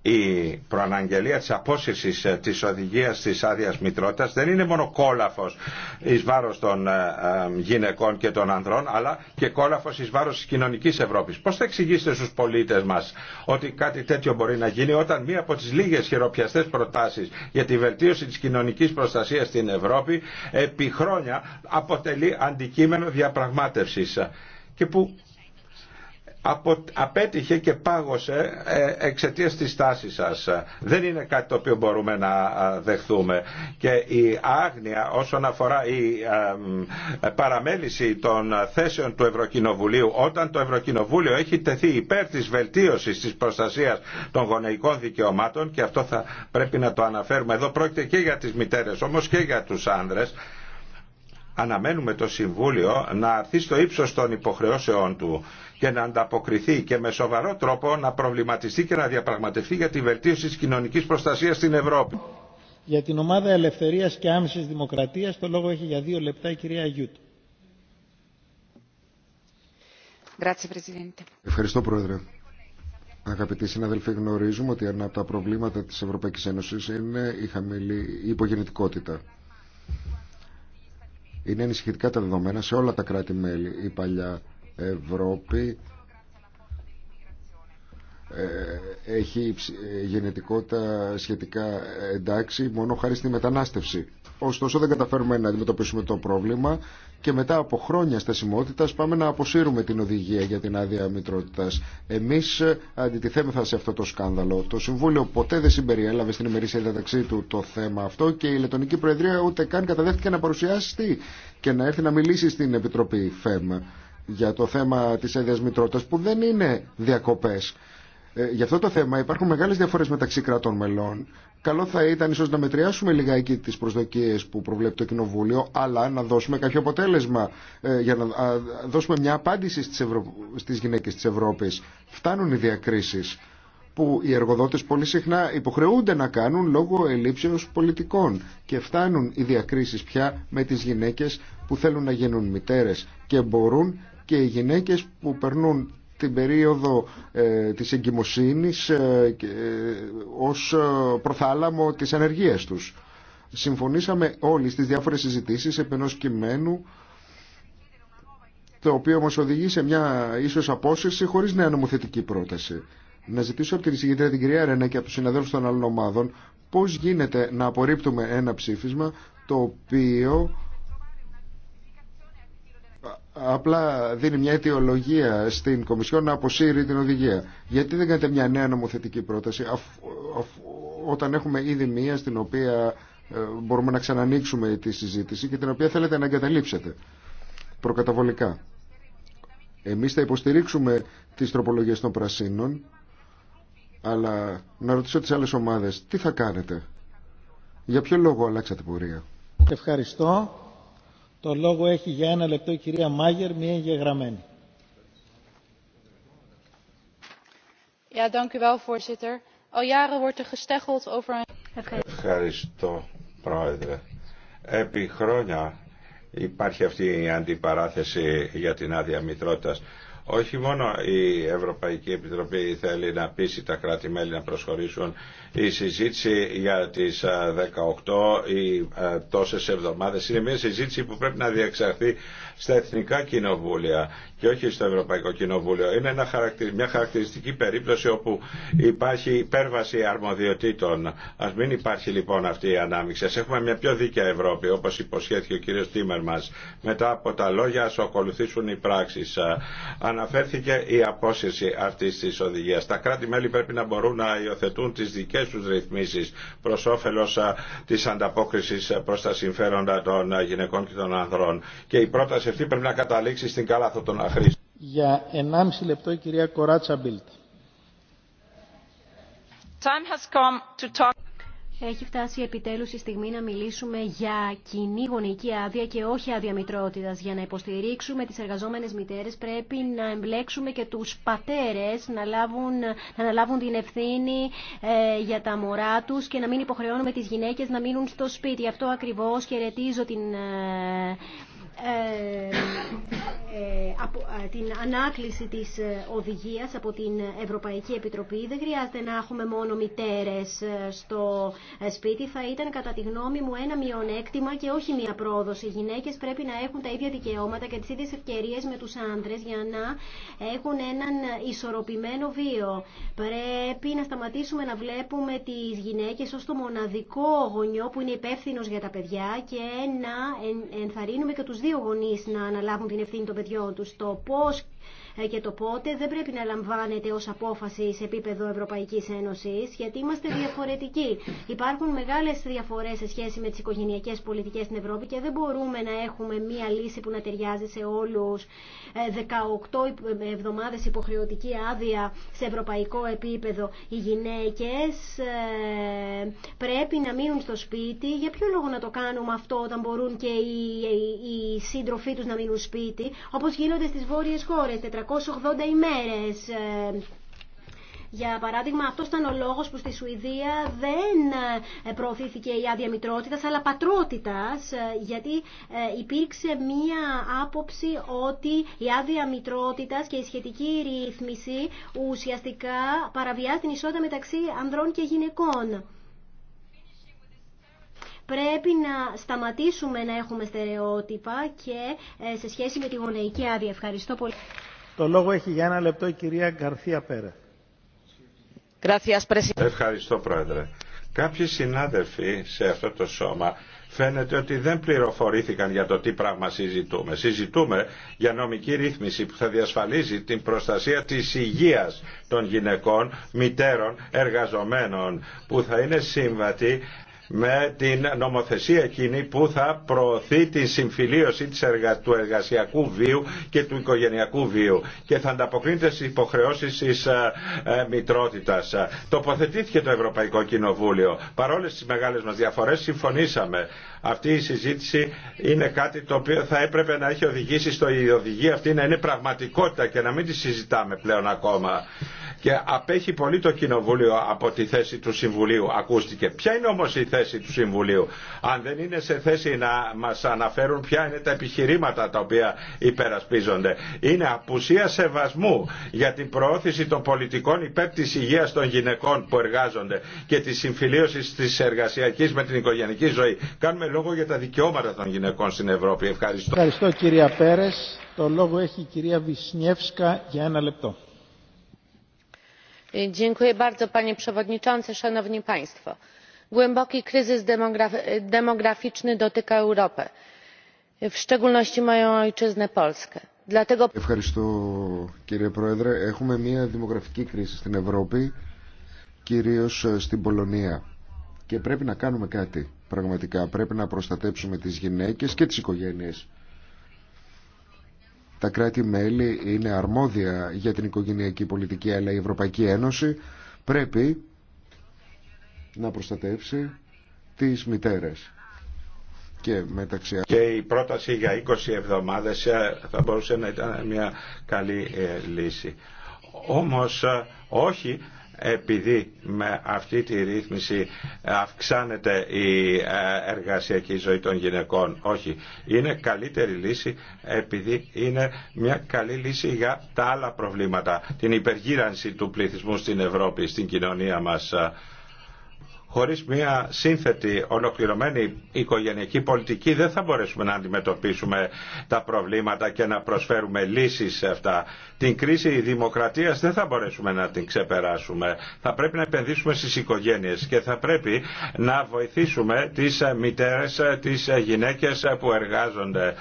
η προαναγγελία της απόσυρσης ε, της οδηγίας της άδεια μητρότητας δεν είναι μόνο κόλαφος εις βάρος των ε, ε, γυναικών και των ανδρών αλλά και κόλαφος εις βάρος της κοινωνικής Ευρώπης. Πώς θα εξηγήσετε στους πολίτες μας ότι κάτι τέτοιο μπορεί να γίνει όταν μία από τις λίγες χειροπιαστές προτάσεις για τη βελτίωση της κοινωνικής προστασίας στην Ευρώπη επί χρόνια αποτελεί αντικείμενο διαπραγμάτευσης και που απέτυχε και πάγωσε ε, εξαιτία τη τάση σα. Δεν είναι κάτι το οποίο μπορούμε να δεχθούμε. Και η άγνοια όσον αφορά η παραμέληση των θέσεων του Ευρωκοινοβουλίου, όταν το Ευρωκοινοβούλιο έχει τεθεί υπέρ τη βελτίωση τη προστασία των γονεϊκών δικαιωμάτων, και αυτό θα πρέπει να το αναφέρουμε εδώ, πρόκειται και για τι μητέρε όμω και για του άνδρε, αναμένουμε το Συμβούλιο να αρθεί στο ύψος των υποχρεώσεών του και να ανταποκριθεί και με σοβαρό τρόπο να προβληματιστεί και να διαπραγματευτεί για τη βελτίωση της κοινωνικής προστασίας στην Ευρώπη. Για την ομάδα Ελευθερίας και Άμεσης Δημοκρατίας το λόγο έχει για δύο λεπτά η κυρία Γιούτ. Ευχαριστώ Πρόεδρε. Αγαπητοί συναδελφοί, γνωρίζουμε ότι ένα από τα προβλήματα της Ευρωπαϊκής Ένωσης είναι η χαμηλή υπογεννητικότητα. Είναι ενισχυτικά τα δεδομένα σε όλα τα κράτη-μέλη. Η παλιά Ευρώπη ε, έχει ε, γενετικότητα σχετικά εντάξει μόνο χάρη στη μετανάστευση. Ωστόσο δεν καταφέρουμε να αντιμετωπίσουμε το πρόβλημα και μετά από χρόνια στασιμότητας πάμε να αποσύρουμε την οδηγία για την άδεια μητρότητας. Εμείς ε, αντιτιθέμεθα σε αυτό το σκάνδαλο. Το Συμβούλιο ποτέ δεν συμπεριέλαβε στην ημερήσια διαταξή του το θέμα αυτό και η Λετωνική Προεδρία ούτε καν καταδέχτηκε να παρουσιάσει και να έρθει να μιλήσει στην Επιτροπή ΦΕΜ για το θέμα της έδειας μητρότητας που δεν είναι διακοπές. Ε, για αυτό το θέμα υπάρχουν μεγάλες διαφορές μεταξύ κρατών μελών. Καλό θα ήταν ίσως να μετριάσουμε λιγάκι τις προσδοκίες που προβλέπει το Κοινοβούλιο, αλλά να δώσουμε κάποιο αποτέλεσμα, ε, για να δώσουμε μια απάντηση στις, Ευρω... στις γυναίκες της Ευρώπης. Φτάνουν οι διακρίσεις που οι εργοδότες πολύ συχνά υποχρεούνται να κάνουν λόγω ελήψεως πολιτικών και φτάνουν οι διακρίσεις πια με τις γυναίκες που θέλουν να γίνουν μητέρες και μπορούν και οι γυναίκες που περνούν την περίοδο ε, της εγκυμοσύνης ε, ε ως ε, προθάλαμο της ανεργίας τους. Συμφωνήσαμε όλοι στις διάφορες συζητήσεις επ' ενός κειμένου το οποίο μας οδηγεί σε μια ίσως απόσυρση χωρίς νέα νομοθετική πρόταση. Να ζητήσω από την συγκεκριμένη την κυρία Ρένα και από τους συναδέλφους των άλλων ομάδων πώς γίνεται να απορρίπτουμε ένα ψήφισμα το οποίο απλά δίνει μια αιτιολογία στην Κομισιόν να αποσύρει την οδηγία. Γιατί δεν κάνετε μια νέα νομοθετική πρόταση όταν έχουμε ήδη μία στην οποία ε, μπορούμε να ξανανοίξουμε τη συζήτηση και την οποία θέλετε να εγκαταλείψετε προκαταβολικά. Εμείς θα υποστηρίξουμε τις τροπολογίες των πρασίνων αλλά να ρωτήσω τις άλλες ομάδες τι θα κάνετε. Για ποιο λόγο αλλάξατε πορεία. Ευχαριστώ. Το λόγο έχει για ένα λεπτό η κυρία Μάγερ, μία εγγεγραμμένη. Ευχαριστώ, Πρόεδρε. Επί χρόνια υπάρχει αυτή η αντιπαράθεση για την άδεια μητρότητας. Όχι μόνο η Ευρωπαϊκή Επιτροπή θέλει να πείσει τα κράτη-μέλη να προσχωρήσουν. Η συζήτηση για τις 18 ή τόσες εβδομάδες είναι μια συζήτηση που πρέπει να διεξαχθεί στα εθνικά κοινοβούλια και όχι στο Ευρωπαϊκό Κοινοβούλιο. Είναι ένα μια χαρακτηριστική περίπτωση όπου υπάρχει υπέρβαση αρμοδιοτήτων. Α μην υπάρχει λοιπόν αυτή η ανάμειξη. Ας έχουμε μια πιο δίκαια Ευρώπη, όπω υποσχέθηκε ο κ. Τίμερ μα. Μετά από τα λόγια, α ακολουθήσουν οι πράξει. Αναφέρθηκε η απόσυρση αυτή τη οδηγία. Τα κράτη-μέλη πρέπει να μπορούν να υιοθετούν τι δικέ του ρυθμίσει προ όφελο τη ανταπόκριση ε, προ τα συμφέροντα των ε, γυναικών και των ανδρών. Και η πρόταση προσευχή πρέπει να καταλήξει στην καλάθο των αχρήστων. Για 1,5 λεπτό η κυρία Κοράτσα Μπίλτ. Έχει φτάσει επιτέλους η στιγμή να μιλήσουμε για κοινή γονική άδεια και όχι άδεια μητρότητας. Για να υποστηρίξουμε τις εργαζόμενες μητέρες πρέπει να εμπλέξουμε και τους πατέρες να, λάβουν, να αναλάβουν την ευθύνη ε, για τα μωρά τους και να μην υποχρεώνουμε τις γυναίκες να μείνουν στο σπίτι. Αυτό ακριβώς χαιρετίζω την... Ε, ε, ε, ε, την ανάκληση της οδηγίας από την Ευρωπαϊκή Επιτροπή. Δεν χρειάζεται να έχουμε μόνο μητέρες στο σπίτι. Θα ήταν κατά τη γνώμη μου ένα μειονέκτημα και όχι μια πρόοδος. Οι γυναίκες πρέπει να έχουν τα ίδια δικαιώματα και τις ίδιες ευκαιρίες με τους άντρες για να έχουν έναν ισορροπημένο βίο. Πρέπει να σταματήσουμε να βλέπουμε τις γυναίκες ως το μοναδικό γονιό που είναι υπεύθυνο για τα παιδιά και να ενθαρρύνουμε και δύο γονείς να αναλάβουν την ευθύνη των παιδιών τους. Το ε, και το πότε δεν πρέπει να λαμβάνεται ως απόφαση σε επίπεδο Ευρωπαϊκής Ένωσης γιατί είμαστε διαφορετικοί. Υπάρχουν μεγάλες διαφορές σε σχέση με τις οικογενειακές πολιτικές στην Ευρώπη και δεν μπορούμε να έχουμε μία λύση που να ταιριάζει σε όλους 18 ε, ε, εβδομάδες υποχρεωτική άδεια σε ευρωπαϊκό επίπεδο. Οι γυναίκες πρέπει να μείνουν στο σπίτι. Για ποιο λόγο να το κάνουμε αυτό όταν μπορούν και οι, οι, οι σύντροφοί τους να μείνουν σπίτι, όπως γίνονται στις βόρειες χώρες ημέρες. Ε, για παράδειγμα, αυτό ήταν ο λόγος που στη Σουηδία δεν ε, προωθήθηκε η άδεια μητρότητα, αλλά πατρότητα, ε, γιατί υπήρξε μία άποψη ότι η άδεια μητρότητα και η σχετική ρύθμιση ουσιαστικά παραβιάζει την ισότητα μεταξύ ανδρών και γυναικών. Πρέπει να σταματήσουμε να έχουμε στερεότυπα και σε σχέση με τη γονεϊκή άδεια. Ευχαριστώ πολύ. Το λόγο έχει για ένα λεπτό η κυρία Γκαρθία Πέρα. Ευχαριστώ Πρόεδρε. Κάποιοι συνάδελφοι σε αυτό το σώμα φαίνεται ότι δεν πληροφορήθηκαν για το τι πράγμα συζητούμε. Συζητούμε για νομική ρύθμιση που θα διασφαλίζει την προστασία της υγείας των γυναικών, μητέρων, εργαζομένων που θα είναι σύμβατη με την νομοθεσία εκείνη που θα προωθεί την συμφιλίωση της εργα... του εργασιακού βίου και του οικογενειακού βίου και θα ανταποκρίνεται στις υποχρεώσεις της ε, ε, μητρότητας. Τοποθετήθηκε το Ευρωπαϊκό Κοινοβούλιο. Παρόλες τις μεγάλες μας διαφορές συμφωνήσαμε. Αυτή η συζήτηση είναι κάτι το οποίο θα έπρεπε να έχει οδηγήσει στο η οδηγία αυτή να είναι πραγματικότητα και να μην τη συζητάμε πλέον ακόμα. Και απέχει πολύ το Κοινοβούλιο από τη θέση του Συμβουλίου. Ακούστηκε. Ποια είναι όμως θέση του Συμβουλίου. Αν δεν είναι σε θέση να μας αναφέρουν ποια είναι τα επιχειρήματα τα οποία υπερασπίζονται. Είναι απουσία σεβασμού για την προώθηση των πολιτικών υπέρ τη υγεία των γυναικών που εργάζονται και τη συμφιλίωση τη εργασιακή με την οικογενική ζωή. Κάνουμε λόγο για τα δικαιώματα των γυναικών στην Ευρώπη. Ευχαριστώ. Ευχαριστώ κυρία Πέρες. Το λόγο έχει η κυρία Βυσνιεύσκα για ένα λεπτό. Ε, dziękuję bardzo panie przewodniczący, szanowni państwo. Ευχαριστώ κύριε Πρόεδρε. Έχουμε μια δημογραφική κρίση στην Ευρώπη, κυρίως ε, στην Πολωνία. Και πρέπει να κάνουμε κάτι πραγματικά. Πρέπει να προστατέψουμε τις γυναίκες και τις οικογένειες. Τα κράτη-μέλη είναι αρμόδια για την οικογενειακή πολιτική, αλλά η Ευρωπαϊκή Ένωση πρέπει να προστατεύσει τις μητέρες. Και, μεταξύ... και η πρόταση για 20 εβδομάδες ε, θα μπορούσε να ήταν μια καλή ε, λύση. Όμως ε, όχι επειδή με αυτή τη ρύθμιση αυξάνεται η εργασιακή ζωή των γυναικών. Όχι. Είναι καλύτερη λύση επειδή είναι μια καλή λύση για τα άλλα προβλήματα. Την υπεργύρανση του πληθυσμού στην Ευρώπη, στην κοινωνία μας. Χωρίς μια σύνθετη, ολοκληρωμένη οικογενειακή πολιτική δεν θα μπορέσουμε να αντιμετωπίσουμε τα προβλήματα και να προσφέρουμε λύσεις σε αυτά. Την κρίση δημοκρατίας δεν θα μπορέσουμε να την ξεπεράσουμε. Θα πρέπει να επενδύσουμε στις οικογένειες και θα πρέπει να βοηθήσουμε τις μητέρες, τις γυναίκες που εργάζονται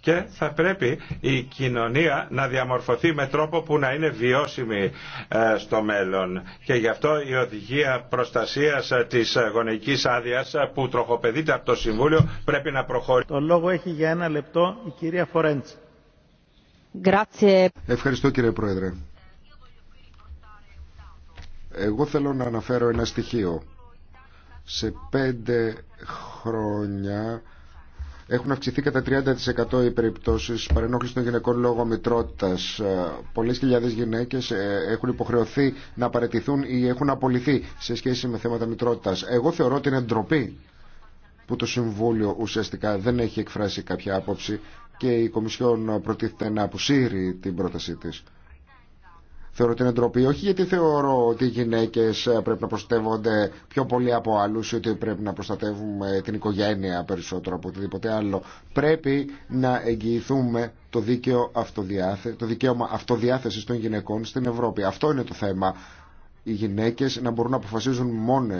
και θα πρέπει η κοινωνία να διαμορφωθεί με τρόπο που να είναι βιώσιμη ε, στο μέλλον. Και γι' αυτό η οδηγία προστασίας ε, της γονεϊκής άδειας ε, που τροχοπεδείται από το Συμβούλιο πρέπει να προχωρήσει. Το λόγο έχει για ένα λεπτό η κυρία Φορέντσα. Ευχαριστώ κύριε Πρόεδρε. Εγώ θέλω να αναφέρω ένα στοιχείο. Σε πέντε χρόνια έχουν αυξηθεί κατά 30% οι περιπτώσει παρενόχληση των γυναικών λόγω μητρότητα. Ε, Πολλέ χιλιάδε γυναίκε ε, έχουν υποχρεωθεί να παραιτηθούν ή έχουν απολυθεί σε σχέση με θέματα μητρότητα. Εγώ θεωρώ ότι είναι ντροπή που το Συμβούλιο ουσιαστικά δεν έχει εκφράσει κάποια άποψη και η Κομισιόν προτίθεται να αποσύρει την πρότασή της. Θεωρώ ότι είναι ντροπή, όχι γιατί θεωρώ ότι οι γυναίκε ε, πρέπει να προστατεύονται πιο πολύ από άλλου ή ότι πρέπει να προστατεύουμε την οικογένεια περισσότερο από οτιδήποτε άλλο. Πρέπει να εγγυηθούμε το, δίκαιο αυτοδιάθε... το δικαίωμα αυτοδιάθεση των γυναικών στην Ευρώπη. Αυτό είναι το θέμα. Οι γυναίκε να μπορούν να αποφασίζουν μόνε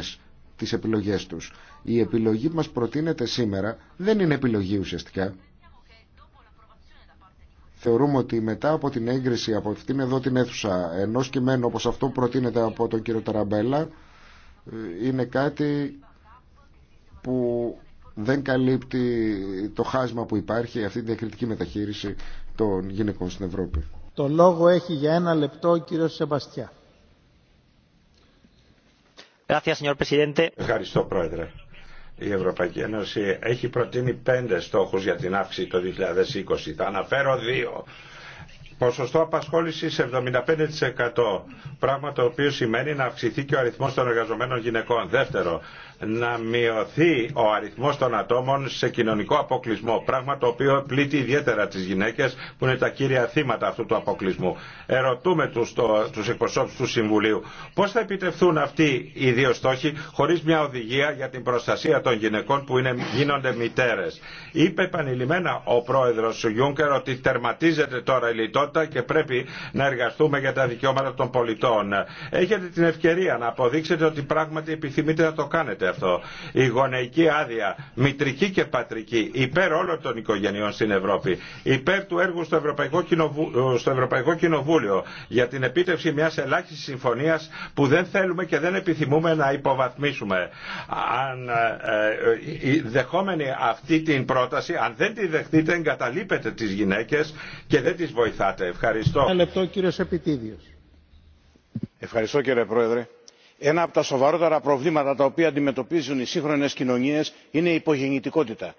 τι επιλογέ του. Η επιλογή που μα προτείνεται σήμερα δεν είναι επιλογή ουσιαστικά θεωρούμε ότι μετά από την έγκριση από αυτήν εδώ την αίθουσα ενός κειμένου όπως αυτό που προτείνεται από τον κύριο Ταραμπέλα ε, είναι κάτι που δεν καλύπτει το χάσμα που υπάρχει αυτή την διακριτική μεταχείριση των γυναικών στην Ευρώπη. Το λόγο έχει για ένα λεπτό ο κύριο Σεμπαστιά. Ευχαριστώ, Πρόεδρε η Ευρωπαϊκή Ένωση έχει προτείνει πέντε στόχους για την αύξηση το 2020. Θα αναφέρω δύο. Ποσοστό απασχόλησης 75%. Πράγμα το οποίο σημαίνει να αυξηθεί και ο αριθμός των εργαζομένων γυναικών. Δεύτερο, να μειωθεί ο αριθμός των ατόμων σε κοινωνικό αποκλεισμό, πράγμα το οποίο πλήττει ιδιαίτερα τις γυναίκες που είναι τα κύρια θύματα αυτού του αποκλεισμού. Ερωτούμε τους, το, τους εκπροσώπους του Συμβουλίου πώς θα επιτευχθούν αυτοί οι δύο στόχοι χωρίς μια οδηγία για την προστασία των γυναικών που είναι, γίνονται μητέρες. Είπε επανειλημμένα ο πρόεδρος Γιούγκερ ότι τερματίζεται τώρα η λιτότητα και πρέπει να εργαστούμε για τα δικαιώματα των πολιτών. Έχετε την ευκαιρία να αποδείξετε ότι πράγματι επιθυμείτε να το κάνετε αυτό. Η γονεϊκή άδεια, μητρική και πατρική, υπέρ όλων των οικογενειών στην Ευρώπη, υπέρ του έργου στο Ευρωπαϊκό, Κοινοβούλιο, στο Ευρωπαϊκό Κοινοβούλιο για την επίτευξη μιας ελάχιστη συμφωνίας που δεν θέλουμε και δεν επιθυμούμε να υποβαθμίσουμε. Αν ε, ε αυτή την πρόταση, αν δεν τη δεχτείτε, εγκαταλείπετε τις γυναίκες και δεν τις βοηθάτε. Ευχαριστώ. Ευχαριστώ κύριε Πρόεδρε ένα από τα σοβαρότερα προβλήματα τα οποία αντιμετωπίζουν οι σύγχρονες κοινωνίες είναι η υπογεννητικότητα.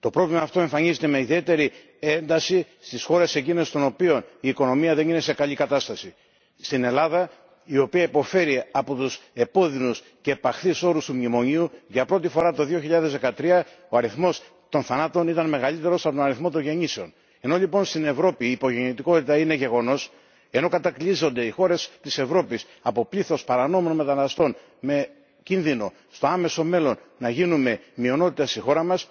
το πρόβλημα αυτό εμφανίζεται με ιδιαίτερη ένταση στις χώρες εκείνες των οποίων η οικονομία δεν είναι σε καλή κατάσταση. στην ελλάδα η οποία υποφέρει από τους επώδυνους και επαχθείς όρους του μνημονίου για πρώτη φορά το 2013 ο αριθμός των θανάτων ήταν μεγαλύτερος από τον αριθμό των γεννήσεων. ενώ λοιπόν στην ευρώπη η υπογεννητικότητα είναι γεγονός ενώ κατακλείζονται οι χώρες της ευρώπης από πλήθος παρανόμων μεταναστών με κίνδυνο στο άμεσο μέλλον να γίνουμε μειονότητα στη χώρα μας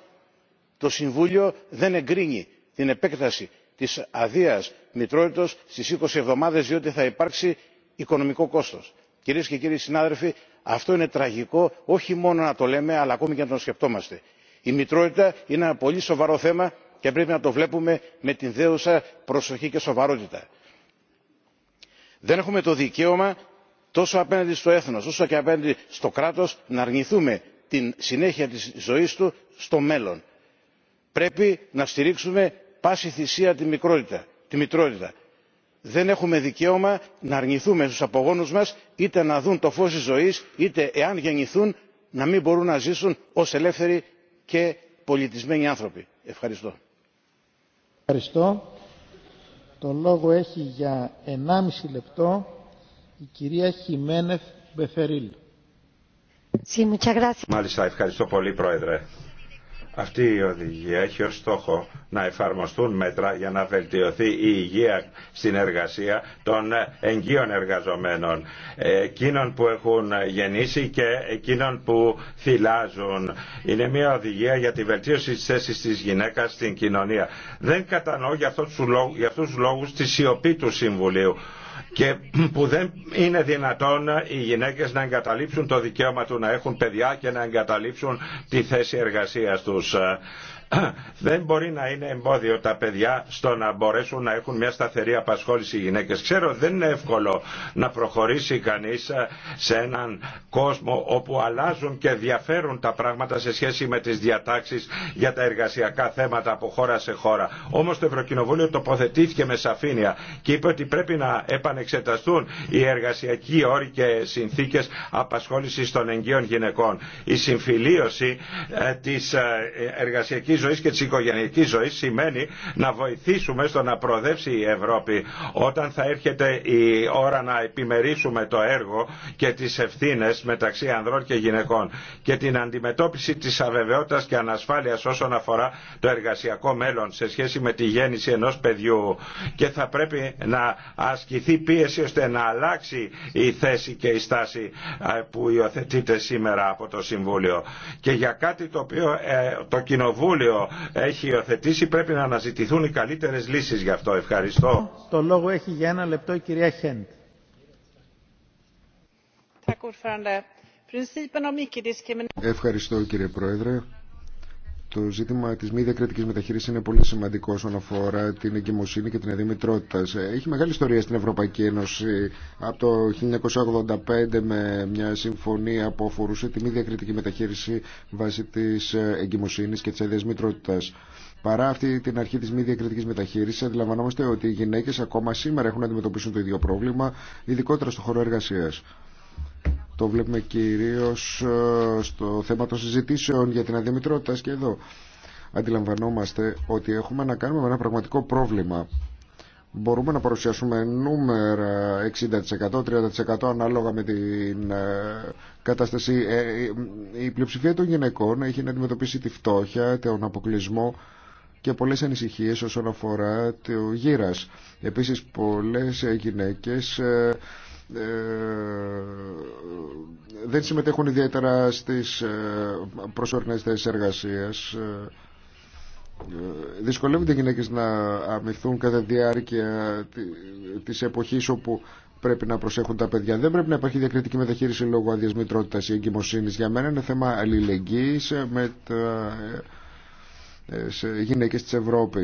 το συμβούλιο δεν εγκρίνει την επέκταση της αδείας μητρότητα στις είκοσι εβδομάδες διότι θα υπάρξει οικονομικό κόστος. Κυρίε και κύριοι συνάδελφοι αυτό είναι τραγικό όχι μόνο να το λέμε αλλά ακόμη και να το σκεπτόμαστε. η μητρότητα είναι ένα πολύ σοβαρό θέμα και πρέπει να το βλέπουμε με την δέουσα προσοχή και σοβαρότητα δεν έχουμε το δικαίωμα τόσο απέναντι στο έθνος όσο και απέναντι στο κράτος να αρνηθούμε την συνέχεια της ζωής του στο μέλλον. πρέπει να στηρίξουμε πάση θυσία τη, μικρότητα, τη μητρότητα. δεν έχουμε δικαίωμα να αρνηθούμε στους απογόνους μας είτε να δουν το φως της ζωής είτε εάν γεννηθούν να μην μπορούν να ζήσουν ως ελεύθεροι και πολιτισμένοι άνθρωποι. ευχαριστώ. ευχαριστώ. Το λόγο έχει για 1,5 λεπτό η κυρία Χιμένεφ Μπεφερίλ. Μάλιστα, ευχαριστώ πολύ, Πρόεδρε. Αυτή η οδηγία έχει ως στόχο να εφαρμοστούν μέτρα για να βελτιωθεί η υγεία στην εργασία των εγγύων εργαζομένων, εκείνων που έχουν γεννήσει και εκείνων που θυλάζουν. Είναι μια οδηγία για τη βελτίωση της θέσης της γυναίκας στην κοινωνία. Δεν κατανοώ για αυτούς τους λόγους τη σιωπή του Συμβουλίου και που δεν είναι δυνατόν οι γυναίκες να εγκαταλείψουν το δικαίωμα του να έχουν παιδιά και να εγκαταλείψουν τη θέση εργασίας τους δεν μπορεί να είναι εμπόδιο τα παιδιά στο να μπορέσουν να έχουν μια σταθερή απασχόληση οι γυναίκες. Ξέρω δεν είναι εύκολο να προχωρήσει κανείς ε, σε έναν κόσμο όπου αλλάζουν και διαφέρουν τα πράγματα σε σχέση με τις διατάξεις για τα εργασιακά θέματα από χώρα σε χώρα. Όμως το Ευρωκοινοβούλιο τοποθετήθηκε με σαφήνεια και είπε ότι πρέπει να επανεξεταστούν οι εργασιακοί όροι και συνθήκες απασχόλησης των εγγύων γυναικών. Η συμφιλίωση ε, της ε, εργασιακής ζωής και της οικογενειακής ζωής σημαίνει να βοηθήσουμε στο να προοδεύσει η Ευρώπη όταν θα έρχεται η ώρα να επιμερίσουμε το έργο και τις ευθύνες μεταξύ ανδρών και γυναικών και την αντιμετώπιση της αβεβαιότητας και ανασφάλειας όσον αφορά το εργασιακό μέλλον σε σχέση με τη γέννηση ενός παιδιού και θα πρέπει να ασκηθεί πίεση ώστε να αλλάξει η θέση και η στάση που υιοθετείται σήμερα από το Συμβούλιο και για κάτι το οποίο ε, το Κοινοβούλιο Συμβούλιο έχει υιοθετήσει πρέπει να αναζητηθούν οι καλύτερες λύσεις γι' αυτό. Ευχαριστώ. Το λόγο έχει για ένα λεπτό η κυρία Χέντ. Ευχαριστώ κύριε Πρόεδρε. Το ζήτημα τη μη διακριτική μεταχείριση είναι πολύ σημαντικό όσον αφορά την εγκυμοσύνη και την αδημητρότητα. Έχει μεγάλη ιστορία στην Ευρωπαϊκή Ένωση από το 1985 με μια συμφωνία που αφορούσε τη μη διακριτική μεταχείριση βάσει τη ε, εγκυμοσύνη και τη αδεσμητρότητα. Παρά αυτή την αρχή τη μη διακριτική μεταχείριση, αντιλαμβανόμαστε ότι οι γυναίκε ακόμα σήμερα έχουν να αντιμετωπίσουν το ίδιο πρόβλημα, ειδικότερα στο χώρο εργασία. Το βλέπουμε κυρίως ε, στο θέμα των συζητήσεων για την αδημητρότητα και εδώ. Αντιλαμβανόμαστε ότι έχουμε να κάνουμε με ένα πραγματικό πρόβλημα. Μπορούμε να παρουσιάσουμε νούμερα 60%, 30% ανάλογα με την ε, κατάσταση. Ε, η πλειοψηφία των γυναικών έχει να αντιμετωπίσει τη φτώχεια, τον αποκλεισμό και πολλές ανησυχίες όσον αφορά το γύρας. Επίσης πολλές γυναίκες ε, δεν συμμετέχουν ιδιαίτερα στις ε, προσωρινές θέσεις εργασίας ε, δυσκολεύονται οι γυναίκες να αμυθούν κατά διάρκεια της εποχής όπου πρέπει να προσέχουν τα παιδιά. Δεν πρέπει να υπάρχει διακριτική μεταχείριση λόγω αδιασμητρότητας ή εγκυμοσύνης. Για μένα είναι θέμα αλληλεγγύης με τα... γυναίκες τη Ευρώπη.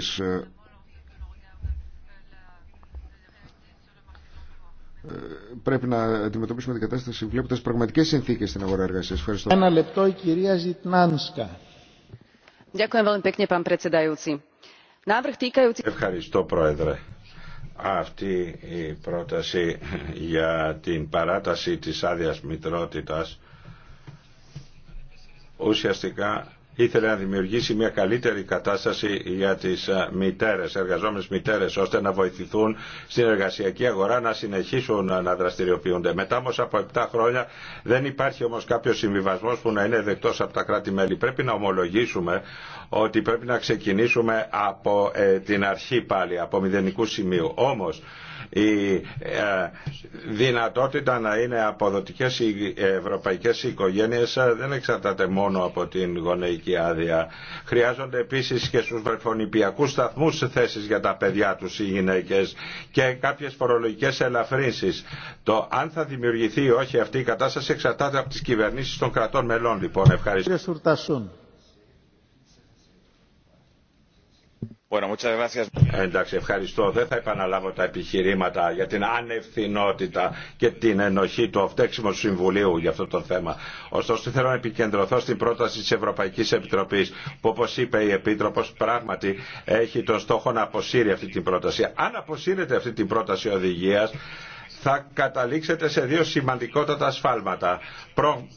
Ε, πρέπει να αντιμετωπίσουμε την κατάσταση βλέποντα πραγματικέ συνθήκε στην αγορά εργασία. Ευχαριστώ. Ένα λεπτό, η κυρία Ζητνάνσκα. Ευχαριστώ, Πρόεδρε. Αυτή η πρόταση για την παράταση της άδειας μητρότητας ουσιαστικά ήθελε να δημιουργήσει μια καλύτερη κατάσταση για τις μητέρες, εργαζόμενες μητέρες, ώστε να βοηθηθούν στην εργασιακή αγορά να συνεχίσουν να δραστηριοποιούνται. Μετά όμως από 7 χρόνια δεν υπάρχει όμως κάποιο συμβιβασμός που να είναι δεκτός από τα κράτη-μέλη. Πρέπει να ομολογήσουμε ότι πρέπει να ξεκινήσουμε από ε, την αρχή πάλι, από μηδενικού σημείου. Όμως, η ε, δυνατότητα να είναι αποδοτικές οι ευρωπαϊκές οικογένειες ε, δεν εξαρτάται μόνο από την γονεϊκή άδεια. Χρειάζονται επίσης και στους βρεφονιπιακούς σταθμούς θέσεις για τα παιδιά τους οι γυναίκες και κάποιες φορολογικές ελαφρύνσεις. Το αν θα δημιουργηθεί ή όχι αυτή η κατάσταση εξαρτάται από τις κυβερνήσεις των κρατών μελών. Λοιπόν, ευχαριστώ. Ε, εντάξει, ευχαριστώ. Δεν θα επαναλάβω τα επιχειρήματα για την ανευθυνότητα και την ενοχή του αυτέξιμου Συμβουλίου για αυτό το θέμα. Ωστόσο, θέλω να επικεντρωθώ στην πρόταση τη Ευρωπαϊκή Επιτροπή, που όπω είπε η Επίτροπο, πράγματι έχει τον στόχο να αποσύρει αυτή την πρόταση. Αν αποσύρεται αυτή την πρόταση οδηγία, θα καταλήξετε σε δύο σημαντικότατα σφάλματα.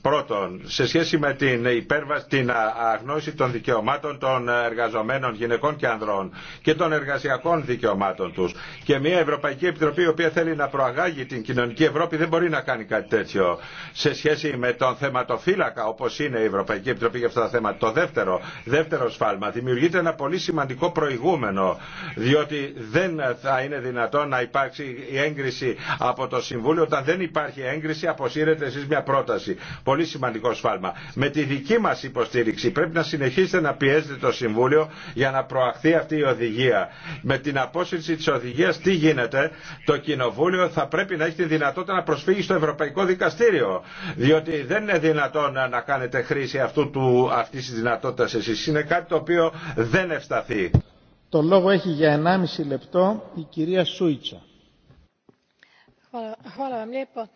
πρώτον, σε σχέση με την υπέρβαση, την αγνώση των δικαιωμάτων των εργαζομένων γυναικών και ανδρών και των εργασιακών δικαιωμάτων τους. Και μια Ευρωπαϊκή Επιτροπή η οποία θέλει να προαγάγει την κοινωνική Ευρώπη δεν μπορεί να κάνει κάτι τέτοιο. Σε σχέση με τον θεματοφύλακα όπως είναι η Ευρωπαϊκή Επιτροπή για αυτά τα θέματα. Το δεύτερο, δεύτερο σφάλμα δημιουργείται ένα πολύ σημαντικό προηγούμενο διότι δεν θα είναι δυνατόν να υπάρξει η έγκριση από το Συμβούλιο όταν δεν υπάρχει έγκριση αποσύρετε εσείς μια πρόταση. Πολύ σημαντικό σφάλμα. Με τη δική μας υποστήριξη πρέπει να συνεχίσετε να πιέζετε το Συμβούλιο για να προαχθεί αυτή η οδηγία. Με την απόσυρση της οδηγίας τι γίνεται. Το Κοινοβούλιο θα πρέπει να έχει τη δυνατότητα να προσφύγει στο Ευρωπαϊκό Δικαστήριο. Διότι δεν είναι δυνατόν να κάνετε χρήση αυτού του, αυτής της δυνατότητας εσείς. Είναι κάτι το οποίο δεν ευσταθεί. Το λόγο έχει για 1,5 λεπτό η κυρία Σούιτσα hvala vam lijepo.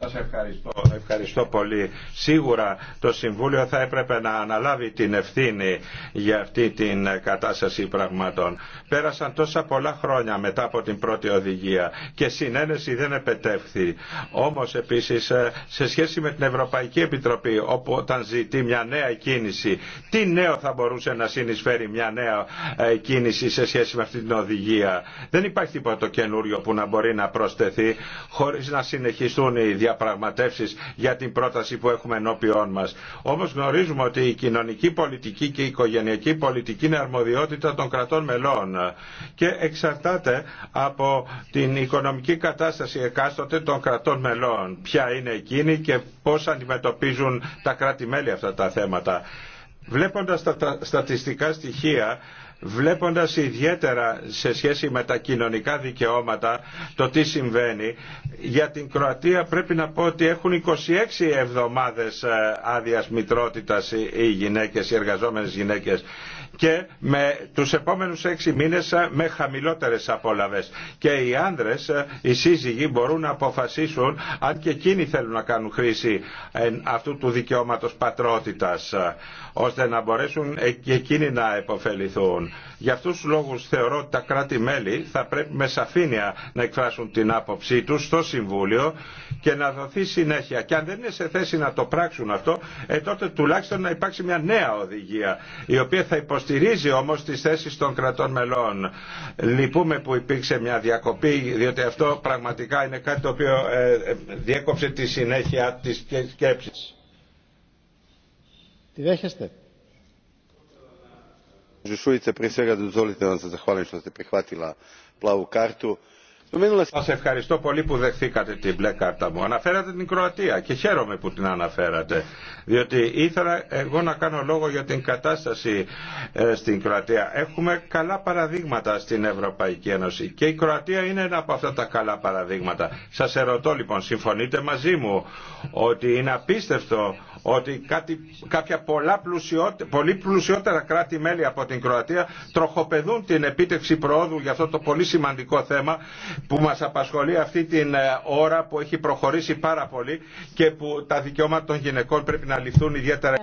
Σας ευχαριστώ. ευχαριστώ πολύ. Σίγουρα το Συμβούλιο θα έπρεπε να αναλάβει την ευθύνη για αυτή την κατάσταση πραγμάτων. Πέρασαν τόσα πολλά χρόνια μετά από την πρώτη οδηγία και συνένεση δεν επετεύχθη. Όμως επίσης ε, σε σχέση με την Ευρωπαϊκή Επιτροπή όπου όταν ζητεί μια νέα κίνηση τι νέο θα μπορούσε να συνεισφέρει μια νέα ε, κίνηση σε σχέση με αυτή την οδηγία. Δεν υπάρχει τίποτα καινούριο που να μπορεί να προσθεθεί χωρίς να συνεχιστούν οι διαπραγματεύσεις για την πρόταση που έχουμε ενώπιόν μας. Όμως γνωρίζουμε ότι η κοινωνική πολιτική και η οικογενειακή πολιτική είναι αρμοδιότητα των κρατών μελών και εξαρτάται από την οικονομική κατάσταση εκάστοτε των κρατών μελών. Ποια είναι εκείνη και πώς αντιμετωπίζουν τα κράτη-μέλη αυτά τα θέματα. Βλέποντας τα στατιστικά στοιχεία βλέποντας ιδιαίτερα σε σχέση με τα κοινωνικά δικαιώματα το τι συμβαίνει για την Κροατία πρέπει να πω ότι έχουν 26 εβδομάδες ε, άδεια μητρότητας οι γυναίκες, οι εργαζόμενες γυναίκες και με τους επόμενους έξι μήνες ε, με χαμηλότερες απόλαβες. Και οι άνδρες, ε, οι σύζυγοι μπορούν να αποφασίσουν αν και εκείνοι θέλουν να κάνουν χρήση αυτού του δικαιώματος πατρότητας ώστε να μπορέσουν και εκείνοι να επωφεληθούν. Για αυτούς τους λόγους θεωρώ ότι τα κράτη-μέλη θα πρέπει με σαφήνεια να εκφράσουν την άποψή τους στο Συμβούλιο και να δοθεί συνέχεια. Και αν δεν είναι σε θέση να το πράξουν αυτό, ε, τότε τουλάχιστον να υπάρξει μια νέα οδηγία, η οποία θα υποστηρίζει όμως τις θέσεις των κρατών μελών. Λυπούμε που υπήρξε μια διακοπή, διότι αυτό πραγματικά είναι κάτι το οποίο ε, ε, διέκοψε τη συνέχεια της σκέψης. Τη δέχεστε. Σα ευχαριστώ πολύ που δεχθήκατε την μπλε κάρτα μου. Αναφέρατε την Κροατία και χαίρομαι που την αναφέρατε. Διότι ήθελα εγώ να κάνω λόγο για την κατάσταση ε, στην Κροατία. Έχουμε καλά παραδείγματα στην Ευρωπαϊκή Ένωση και η Κροατία είναι ένα από αυτά τα καλά παραδείγματα. Σα ερωτώ λοιπόν, συμφωνείτε μαζί μου ότι είναι απίστευτο ότι κάτι, κάποια πλουσιότε, πολύ πλουσιότερα κράτη-μέλη από την Κροατία τροχοπεδούν την επίτευξη προόδου για αυτό το πολύ σημαντικό θέμα που μας απασχολεί αυτή την ε, ώρα που έχει προχωρήσει πάρα πολύ και που τα δικαιώματα των γυναικών πρέπει να ληφθούν ιδιαίτερα.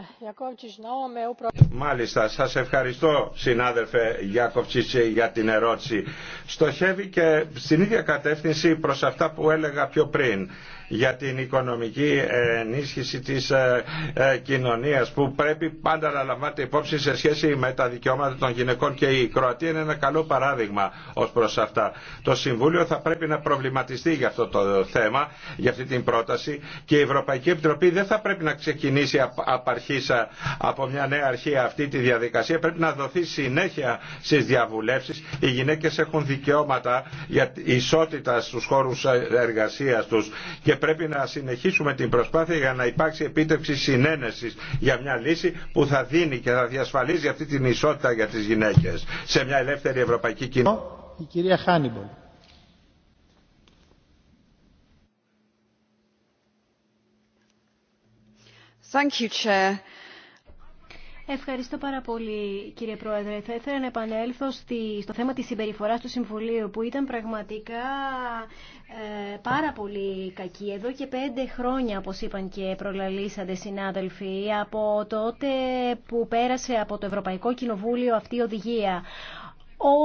Μάλιστα, σας ευχαριστώ συνάδελφε Γιάκοψη για την ερώτηση. Στοχεύει και στην ίδια κατεύθυνση προς αυτά που έλεγα πιο πριν για την οικονομική ενίσχυση της ε, ε, κοινωνίας που πρέπει πάντα να λαμβάνεται υπόψη σε σχέση με τα δικαιώματα των γυναικών και η Κροατία είναι ένα καλό παράδειγμα ως προς αυτά. Το Συμβούλιο θα πρέπει να προβληματιστεί για αυτό το θέμα, για αυτή την πρόταση και η Ευρωπαϊκή Επιτροπή δεν θα πρέπει να ξεκινήσει απαρχήσα ε, από μια νέα αρχή αυτή τη διαδικασία. Πρέπει να δοθεί συνέχεια στις διαβουλεύσεις. Οι γυναίκες έχουν δικαιώματα για ισότητα στους χώρους εργασίας τους πρέπει να συνεχίσουμε την προσπάθεια για να υπάρξει επίτευξη συνένεση για μια λύση που θα δίνει και θα διασφαλίζει αυτή την ισότητα για τις γυναίκες σε μια ελεύθερη ευρωπαϊκή κοινότητα. Η κυρία Thank you, Chair. Ευχαριστώ πάρα πολύ κύριε Πρόεδρε. Θα ήθελα να επανέλθω στο θέμα της συμπεριφοράς του Συμβουλίου που ήταν πραγματικά ε, πάρα πολύ κακή. Εδώ και πέντε χρόνια, όπως είπαν και προλαλήσατε συνάδελφοι, από τότε που πέρασε από το Ευρωπαϊκό Κοινοβούλιο αυτή η οδηγία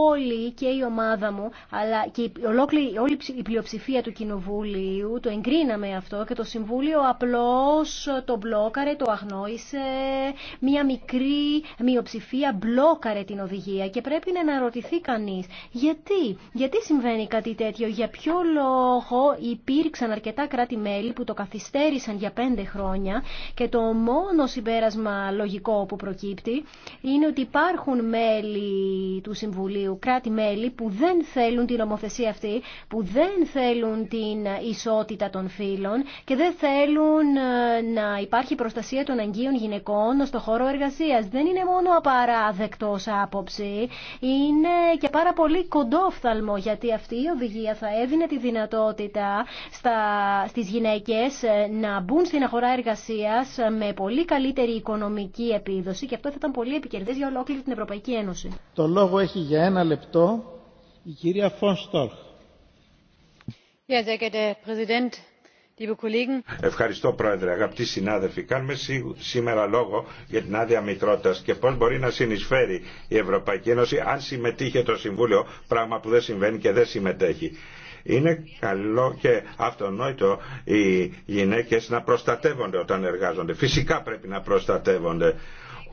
όλοι και η ομάδα μου, αλλά και η, όλη η πλειοψηφία του Κοινοβουλίου, το εγκρίναμε αυτό και το Συμβούλιο απλώς το μπλόκαρε, το αγνόησε, μια μικρή μειοψηφία μπλόκαρε την οδηγία και πρέπει να αναρωτηθεί κανείς γιατί, γιατί συμβαίνει κάτι τέτοιο, για ποιο λόγο υπήρξαν αρκετά κράτη-μέλη που το καθυστέρησαν για πέντε χρόνια και το μόνο συμπέρασμα λογικό που προκύπτει είναι ότι υπάρχουν μέλη του Συμβουλίου Κοινοβουλίου κράτη-μέλη που δεν θέλουν την ομοθεσία αυτή, που δεν θέλουν την ισότητα των φύλων και δεν θέλουν ε, να υπάρχει προστασία των αγγείων γυναικών στο χώρο εργασίας. Δεν είναι μόνο απαράδεκτος άποψη, είναι και πάρα πολύ κοντόφθαλμο γιατί αυτή η οδηγία θα έδινε τη δυνατότητα στι στις γυναίκες ε, να μπουν στην αγορά εργασίας ε, με πολύ καλύτερη οικονομική επίδοση και αυτό θα ήταν πολύ επικερδές για ολόκληρη την Ευρωπαϊκή Ένωση για ένα λεπτό η κυρία Φων Στόρχ. Ευχαριστώ Πρόεδρε. Αγαπητοί συνάδελφοι, κάνουμε σήμερα λόγο για την άδεια μητρότητα και πώ μπορεί να συνεισφέρει η Ευρωπαϊκή Ένωση αν συμμετείχε το Συμβούλιο, πράγμα που δεν συμβαίνει και δεν συμμετέχει. Είναι καλό και αυτονόητο οι γυναίκες να προστατεύονται όταν εργάζονται. Φυσικά πρέπει να προστατεύονται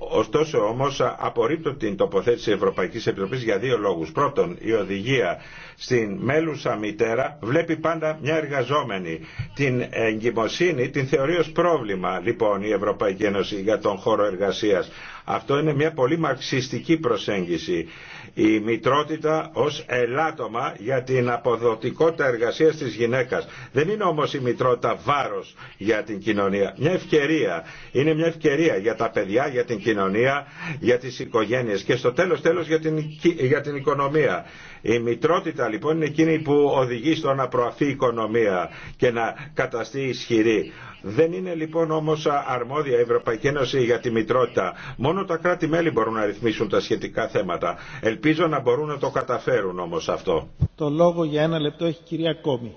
Ωστόσο όμως απορρίπτω την τοποθέτηση Ευρωπαϊκής Επιτροπής για δύο λόγους. Πρώτον, η οδηγία στην μέλουσα μητέρα βλέπει πάντα μια εργαζόμενη. Την εγκυμοσύνη την θεωρεί ω πρόβλημα λοιπόν η Ευρωπαϊκή Ένωση για τον χώρο εργασίας. Αυτό είναι μια πολύ μαρξιστική προσέγγιση η μητρότητα ως ελάττωμα για την αποδοτικότητα εργασίας της γυναίκας. Δεν είναι όμως η μητρότητα βάρος για την κοινωνία. Μια ευκαιρία. Είναι μια ευκαιρία για τα παιδιά, για την κοινωνία, για τις οικογένειες και στο τέλος τέλος για την, για την οικονομία. Η μητρότητα λοιπόν είναι εκείνη που οδηγεί στο να προαφεί η οικονομία και να καταστεί ισχυρή. Δεν είναι λοιπόν όμως αρμόδια η Ευρωπαϊκή Ένωση για τη μητρότητα. Μόνο τα κράτη-μέλη μπορούν να ρυθμίσουν τα σχετικά θέματα. Ελπίζω να μπορούν να το καταφέρουν όμως αυτό. Το λόγο για ένα λεπτό έχει η κυρία Κόμη.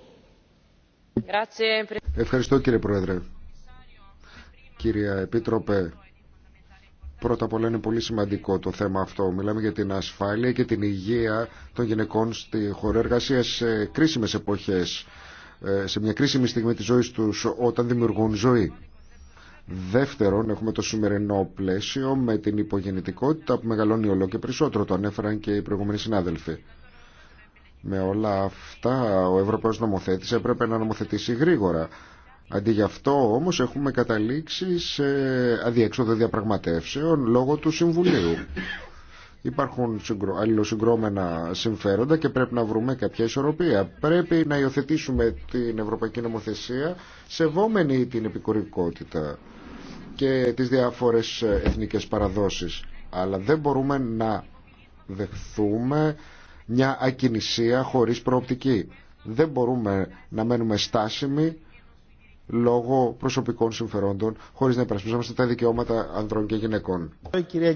Ευχαριστώ κύριε Πρόεδρε. Κυρία Επίτροπε, πρώτα απ' όλα είναι πολύ σημαντικό το θέμα αυτό. Μιλάμε για την ασφάλεια και την υγεία των γυναικών στη χώρα εργασία σε κρίσιμε εποχές ε, σε μια κρίσιμη στιγμή της ζωής τους όταν δημιουργούν ζωή. Δεύτερον, έχουμε το σημερινό πλαίσιο με την υπογεννητικότητα που μεγαλώνει όλο και περισσότερο, το ανέφεραν και οι προηγούμενοι συνάδελφοι. Με όλα αυτά, ο Ευρωπαίος νομοθέτης έπρεπε να νομοθετήσει γρήγορα. Αντί γι' αυτό όμως έχουμε καταλήξει σε αδιέξοδο διαπραγματεύσεων λόγω του Συμβουλίου. Υπάρχουν αλληλοσυγκρόμενα συμφέροντα και πρέπει να βρούμε κάποια ισορροπία. Πρέπει να υιοθετήσουμε την Ευρωπαϊκή Νομοθεσία σεβόμενη την επικουρικότητα και τις διάφορες εθνικές παραδόσεις. Αλλά δεν μπορούμε να δεχθούμε μια ακινησία χωρίς προοπτική. Δεν μπορούμε να μένουμε στάσιμοι λόγω προσωπικών συμφερόντων χωρίς να υπερασπιζόμαστε τα δικαιώματα ανδρών και γυναικών. Κυρία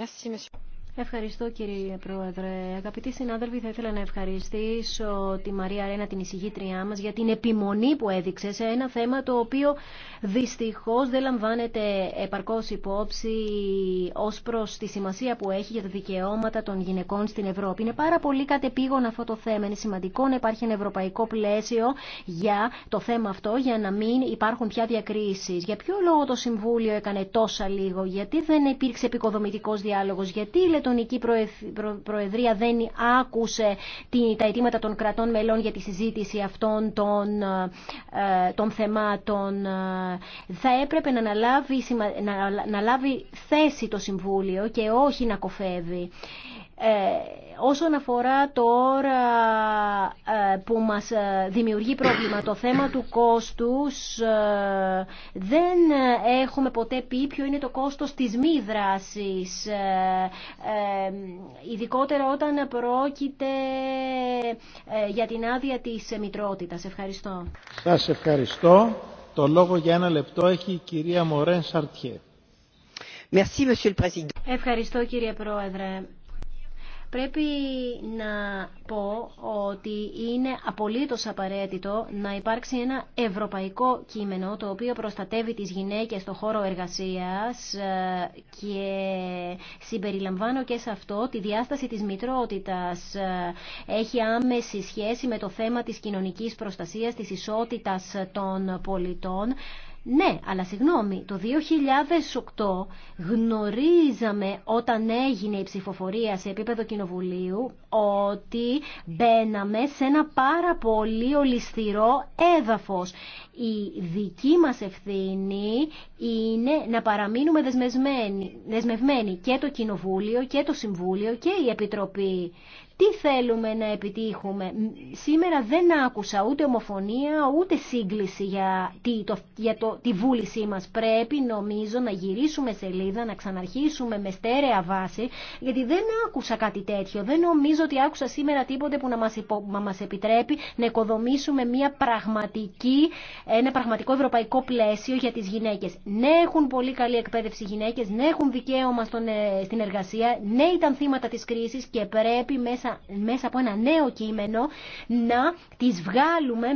Merci, monsieur. Ευχαριστώ κύριε Πρόεδρε. Αγαπητοί συνάδελφοι, θα ήθελα να ευχαριστήσω τη Μαρία Ρένα, την εισηγήτριά μα, για την επιμονή που έδειξε σε ένα θέμα το οποίο δυστυχώ δεν λαμβάνεται επαρκώς υπόψη ω προ τη σημασία που έχει για τα δικαιώματα των γυναικών στην Ευρώπη. Είναι πάρα πολύ κατεπήγον αυτό το θέμα. Είναι σημαντικό να υπάρχει ένα ευρωπαϊκό πλαίσιο για το θέμα αυτό, για να μην υπάρχουν πια διακρίσει. Για ποιο λόγο το Συμβούλιο έκανε τόσα λίγο, γιατί δεν υπήρξε επικοδομητικό διάλογο, γιατί τονική Προεδρία δεν άκουσε τα αιτήματα των κρατών μελών για τη συζήτηση αυτών των, ε, θεμάτων. Θα έπρεπε να λάβει, να λάβει θέση το Συμβούλιο και όχι να κοφεύει. Ε, όσον αφορά τώρα ε, που μας ε, δημιουργεί πρόβλημα το θέμα του κόστους δεν έχουμε ποτέ πει ποιο είναι το κόστος της μη δράσης ειδικότερα όταν πρόκειται για την άδεια της μητρότητα. Ευχαριστώ. Σας ευχαριστώ. Το λόγο για ένα λεπτό έχει η κυρία Μωρέν Σαρτιέ. Ευχαριστώ κύριε Πρόεδρε. Πρέπει να πω ότι είναι απολύτως απαραίτητο να υπάρξει ένα ευρωπαϊκό κείμενο το οποίο προστατεύει τις γυναίκες στο χώρο εργασίας ε, και συμπεριλαμβάνω και σε αυτό τη διάσταση της μητρότητας. Ε, έχει άμεση σχέση με το θέμα της κοινωνικής προστασίας, της ισότητας των πολιτών ναι, αλλά συγγνώμη, το 2008 γνωρίζαμε όταν έγινε η ψηφοφορία σε επίπεδο κοινοβουλίου ότι μπαίναμε σε ένα πάρα πολύ ολισθηρό έδαφος. Η δική μας ευθύνη είναι να παραμείνουμε δεσμευμένοι και το Κοινοβούλιο και το Συμβούλιο και η Επιτροπή τι θέλουμε να επιτύχουμε. Σήμερα δεν άκουσα ούτε ομοφωνία ούτε σύγκληση για, το, για το, τη βούλησή μας. Πρέπει νομίζω να γυρίσουμε σελίδα, να ξαναρχίσουμε με στέρεα βάση, γιατί δεν άκουσα κάτι τέτοιο. Δεν νομίζω ότι άκουσα σήμερα τίποτε που να μας, μας επιτρέπει να οικοδομήσουμε μια πραγματική, ένα πραγματικό ευρωπαϊκό πλαίσιο για τις γυναίκες. Ναι, έχουν πολύ καλή εκπαίδευση γυναίκες, ναι, έχουν δικαίωμα ε, στην εργασία, ναι, ήταν θύματα της κρίσης και πρέπει μέσα μέσα, από ένα νέο κείμενο να τις βγάλουμε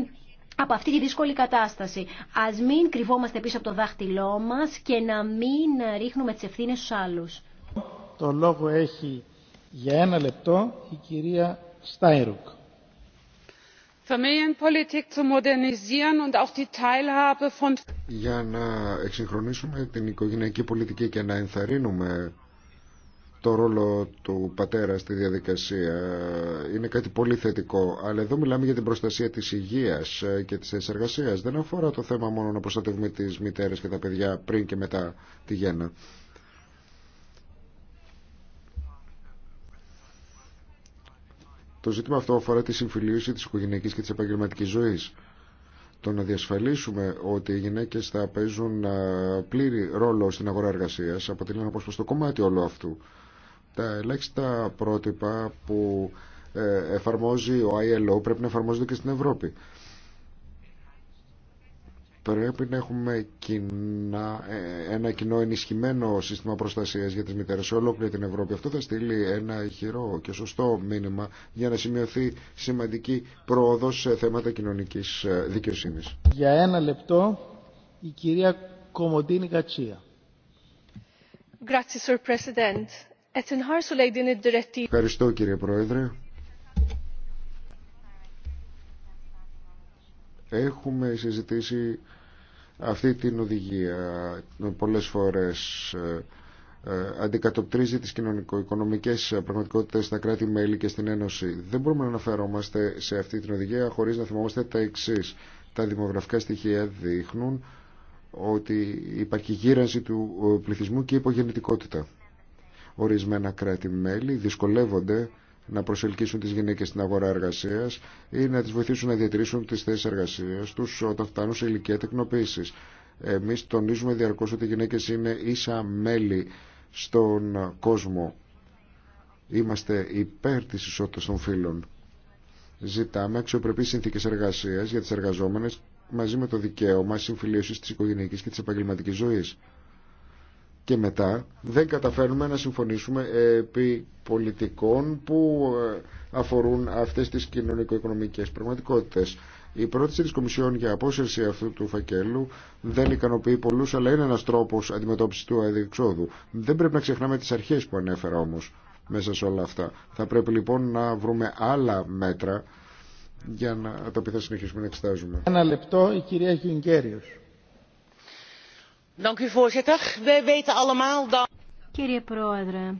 από αυτή τη δύσκολη κατάσταση. Ας μην κρυβόμαστε πίσω από το δάχτυλό μας και να μην ρίχνουμε τις ευθύνες στους άλλους. Το λόγο έχει για ένα λεπτό η κυρία Στάιρουκ. Για να εξυγχρονίσουμε την οικογενειακή πολιτική και να ενθαρρύνουμε το ρόλο του πατέρα στη διαδικασία είναι κάτι πολύ θετικό. Αλλά εδώ μιλάμε για την προστασία της υγείας ε, και της εργασία. Δεν αφορά το θέμα μόνο να προστατεύουμε τις μητέρες και τα παιδιά πριν και μετά τη γέννα. Το ζήτημα αυτό αφορά τη συμφιλίωση της οικογενειακής και της επαγγελματικής ζωής. Το να διασφαλίσουμε ότι οι γυναίκες θα παίζουν ε, πλήρη ρόλο στην αγορά εργασίας αποτελεί ένα πρόσφατο κομμάτι όλο αυτού. Τα ελάχιστα πρότυπα που ε, εφαρμόζει ο ILO πρέπει να εφαρμόζονται και στην Ευρώπη. Πρέπει να έχουμε ε, ένα κοινό ενισχυμένο σύστημα προστασίας για τις μητέρες σε ολόκληρη την Ευρώπη. Αυτό θα στείλει ένα χειρό και σωστό μήνυμα για να σημειωθεί σημαντική πρόοδος σε θέματα κοινωνικής ε, δικαιοσύνης. Για ένα λεπτό η κυρία Κομοντίνη Κατσία. Grazie, Sir President. Ευχαριστώ κύριε Πρόεδρε. Έχουμε συζητήσει αυτή την οδηγία πολλές φορές ε, ε, αντικατοπτρίζει τις κοινωνικο-οικονομικές πραγματικότητες στα κράτη-μέλη και στην Ένωση. Δεν μπορούμε να αναφερόμαστε σε αυτή την οδηγία χωρίς να θυμόμαστε τα εξή. Τα δημογραφικά στοιχεία δείχνουν ότι υπάρχει γύρανση του ε, πληθυσμού και υπογεννητικότητα. Ορισμένα κράτη-μέλη δυσκολεύονται να προσελκύσουν τις γυναίκες στην αγορά εργασίας ή να τις βοηθήσουν να διατηρήσουν τις θέσεις εργασίας τους όταν φτάνουν σε ηλικία τεκνοποίησης. Εμείς τονίζουμε διαρκώς ότι οι γυναίκες είναι ίσα μέλη στον κόσμο. Είμαστε υπέρ της ισότητας των φύλων. Ζητάμε αξιοπρεπείς συνθήκες εργασίας για τις εργαζόμενες μαζί με το δικαίωμα συμφιλίωσης της οικογενειακής και της επαγγελματικής ζωής και μετά δεν καταφέρνουμε να συμφωνήσουμε επί πολιτικών που ε, αφορούν αυτές τις κοινωνικο-οικονομικές πραγματικότητες. Η πρόταση της Κομισιόν για απόσυρση αυτού του φακέλου δεν ικανοποιεί πολλούς, αλλά είναι ένας τρόπος αντιμετώπισης του αδιεξόδου. Δεν πρέπει να ξεχνάμε τις αρχές που ανέφερα όμως μέσα σε όλα αυτά. Θα πρέπει λοιπόν να βρούμε άλλα μέτρα για να τα οποία θα συνεχίσουμε να εξετάζουμε. Ένα λεπτό η κυρία Γιουγκέριος. Κύριε Πρόεδρε,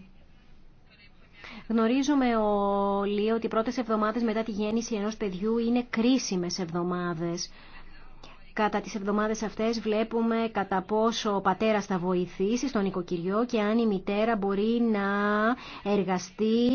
γνωρίζουμε όλοι ότι οι πρώτες εβδομάδες μετά τη γέννηση ενός παιδιού είναι κρίσιμες εβδομάδες. Κατά τις εβδομάδες αυτές βλέπουμε κατά πόσο ο πατέρας θα βοηθήσει στον οικοκυριό και αν η μητέρα μπορεί να εργαστεί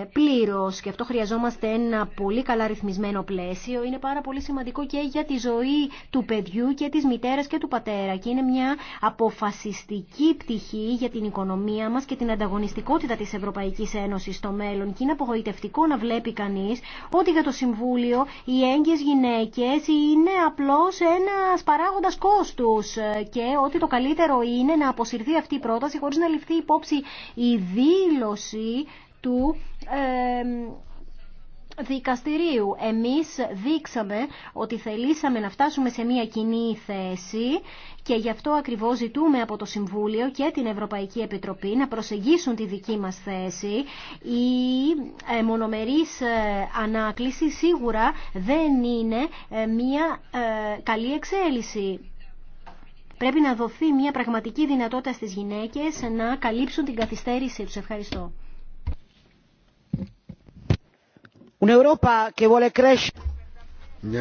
ε, πλήρως. Και αυτό χρειαζόμαστε ένα πολύ καλά ρυθμισμένο πλαίσιο. Είναι πάρα πολύ σημαντικό και για τη ζωή του παιδιού και της μητέρας και του πατέρα. Και είναι μια αποφασιστική πτυχή για την οικονομία μας και την ανταγωνιστικότητα της Ευρωπαϊκής Ένωσης στο μέλλον. Και είναι απογοητευτικό να βλέπει κανείς ότι για το Συμβούλιο οι έγκυες γυναίκες είναι απλώς σε ένα παράγοντα κόστους ε, και ότι το καλύτερο είναι να αποσυρθεί αυτή η πρόταση χωρίς να ληφθεί υπόψη η δήλωση του ε, δικαστηρίου. Εμείς δείξαμε ότι θελήσαμε να φτάσουμε σε μια κοινή θέση και γι' αυτό ακριβώς ζητούμε από το Συμβούλιο και την Ευρωπαϊκή Επιτροπή να προσεγγίσουν τη δική μας θέση. Η ε, μονομερής ε, ανάκληση σίγουρα δεν είναι ε, μια καλή εξέλιξη. Πρέπει να δοθεί μια πραγματική δυνατότητα στις γυναίκες να καλύψουν την καθυστέρησή τους. Ευχαριστώ. Μια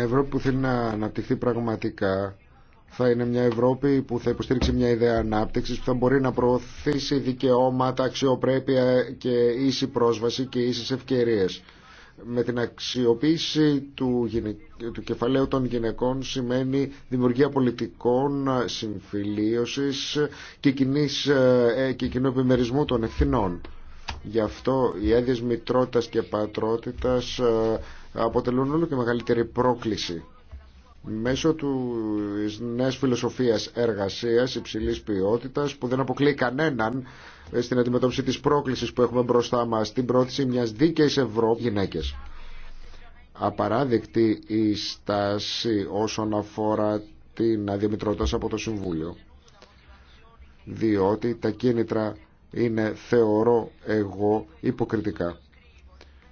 Ευρώπη που θέλει να αναπτυχθεί πραγματικά θα είναι μια Ευρώπη που θα υποστήριξει μια ιδέα ανάπτυξη που θα μπορεί να προωθήσει δικαιώματα, αξιοπρέπεια και ίση πρόσβαση και ίσε ευκαιρίε. Με την αξιοποίηση του, κεφαλαίου των γυναικών σημαίνει δημιουργία πολιτικών συμφιλίωσης και, κοινής... Ε, και κοινού επιμερισμού των ευθυνών. Γι' αυτό οι έδειε μητρότητα και πατρότητας ε, αποτελούν όλο και μεγαλύτερη πρόκληση. Μέσω του νέα φιλοσοφίας εργασία, υψηλή ποιότητα που δεν αποκλείει κανέναν ε, στην αντιμετώπιση της πρόκλησης που έχουμε μπροστά μας την πρόθεση μια δίκαιη Ευρώπη γυναίκε. Απαράδεκτη η στάση όσον αφορά την αδιαμητρότητα από το Συμβούλιο διότι τα κίνητρα είναι θεωρώ εγώ υποκριτικά.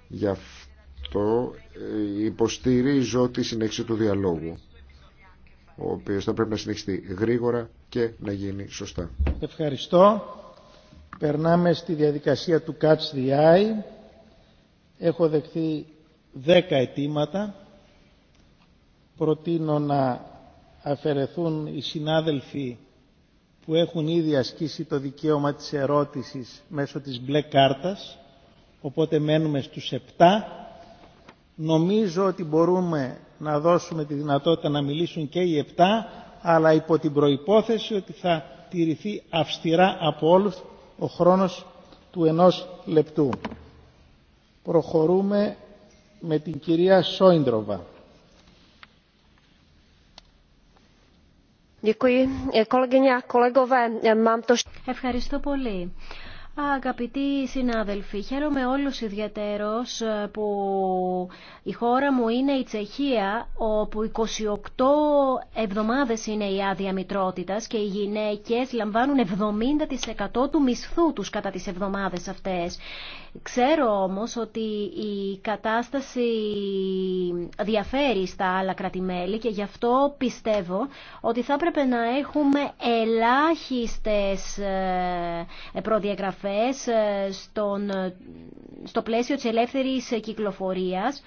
Γι' αυτό ε, υποστηρίζω τη συνέχιση του διαλόγου ο οποίος θα πρέπει να συνεχιστεί γρήγορα και να γίνει σωστά. Ευχαριστώ. Περνάμε στη διαδικασία του Catch the Eye. Έχω δεχθεί δέκα αιτήματα. Προτείνω να αφαιρεθούν οι συνάδελφοι που έχουν ήδη ασκήσει το δικαίωμα της ερώτησης μέσω της μπλε κάρτας, οπότε μένουμε στους 7. Νομίζω ότι μπορούμε να δώσουμε τη δυνατότητα να μιλήσουν και οι 7, αλλά υπό την προϋπόθεση ότι θα τηρηθεί αυστηρά από όλους ο χρόνος του ενός λεπτού. Προχωρούμε με την κυρία Σόιντροβα. Ευχαριστώ πολύ. Αγαπητοί συνάδελφοι, χαίρομαι όλους ιδιαίτερος ε, που η χώρα μου είναι η Τσεχία, όπου 28 εβδομάδες είναι η άδεια μητρότητας και οι γυναίκες λαμβάνουν 70% του μισθού τους κατά τις εβδομάδες αυτές. Ξέρω όμως ότι η κατάσταση διαφέρει στα άλλα κρατημέλη και γι' αυτό πιστεύω ότι θα έπρεπε να έχουμε ελάχιστες ε, προδιαγραφές ε, στον, ε, στο πλαίσιο της ελεύθερης κυκλοφορίας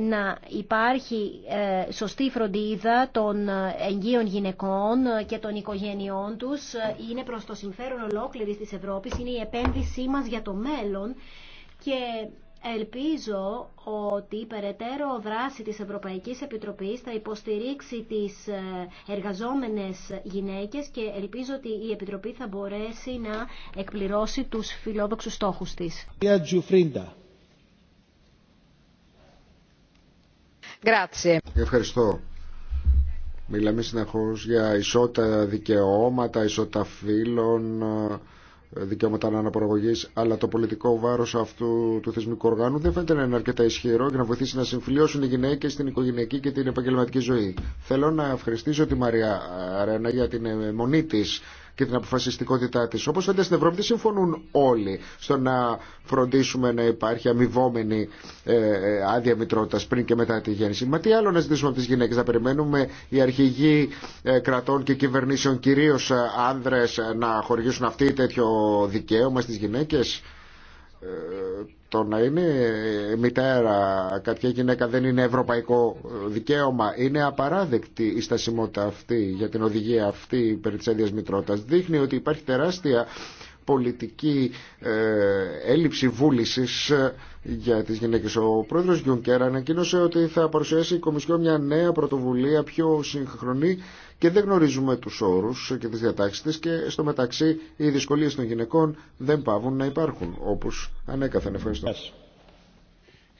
να υπάρχει ε, σωστή φροντίδα των εγγύων γυναικών και των οικογένειών τους. Είναι προς το συμφέρον ολόκληρης της Ευρώπης, είναι η επένδυσή μας για το μέλλον και Ελπίζω ότι η περαιτέρω δράση της Ευρωπαϊκής Επιτροπής θα υποστηρίξει τις ε, εργαζόμενες γυναίκες και ελπίζω ότι η Επιτροπή θα μπορέσει να εκπληρώσει τους φιλόδοξους στόχους της. Ευχαριστώ. Μιλάμε συνεχώς για ισότητα δικαιώματα, ισότητα φύλων, δικαιώματα αναπαραγωγή, αλλά το πολιτικό βάρο αυτού του θεσμικού οργάνου δεν φαίνεται να είναι αρκετά ισχυρό για να βοηθήσει να συμφιλειώσουν οι γυναίκε στην οικογενειακή και την επαγγελματική ζωή. Θέλω να ευχαριστήσω τη Μαρία Αρένα για την αιμονή ε, ε, τη και την αποφασιστικότητά τη. Όπω φαίνεται στην Ευρώπη δεν συμφωνούν όλοι στο να φροντίσουμε να υπάρχει αμοιβόμενη ε, ε, άδεια μητρότητα πριν και μετά τη γέννηση. Μα τι άλλο να ζητήσουμε από τι γυναίκες, να περιμένουμε οι αρχηγοί ε, κρατών και κυβερνήσεων, κυρίω άνδρε, να χορηγήσουν αυτή τέτοιο δικαίωμα στι γυναίκε το να είναι μητέρα κάποια γυναίκα δεν είναι ευρωπαϊκό δικαίωμα. Είναι απαράδεκτη η στασιμότητα αυτή για την οδηγία αυτή περί της μητρότητας. Δείχνει ότι υπάρχει τεράστια πολιτική ε, έλλειψη βούλησης ε, για τις γυναίκες. Ο πρόεδρος Γιουνκέρ ανακοίνωσε ότι θα παρουσιάσει η Κομισιόν μια νέα πρωτοβουλία πιο συγχρονή και δεν γνωρίζουμε τους όρους και τις διατάξεις της και στο μεταξύ οι δυσκολίες των γυναικών δεν πάβουν να υπάρχουν όπως ανέκαθεν. Ευχαριστώ.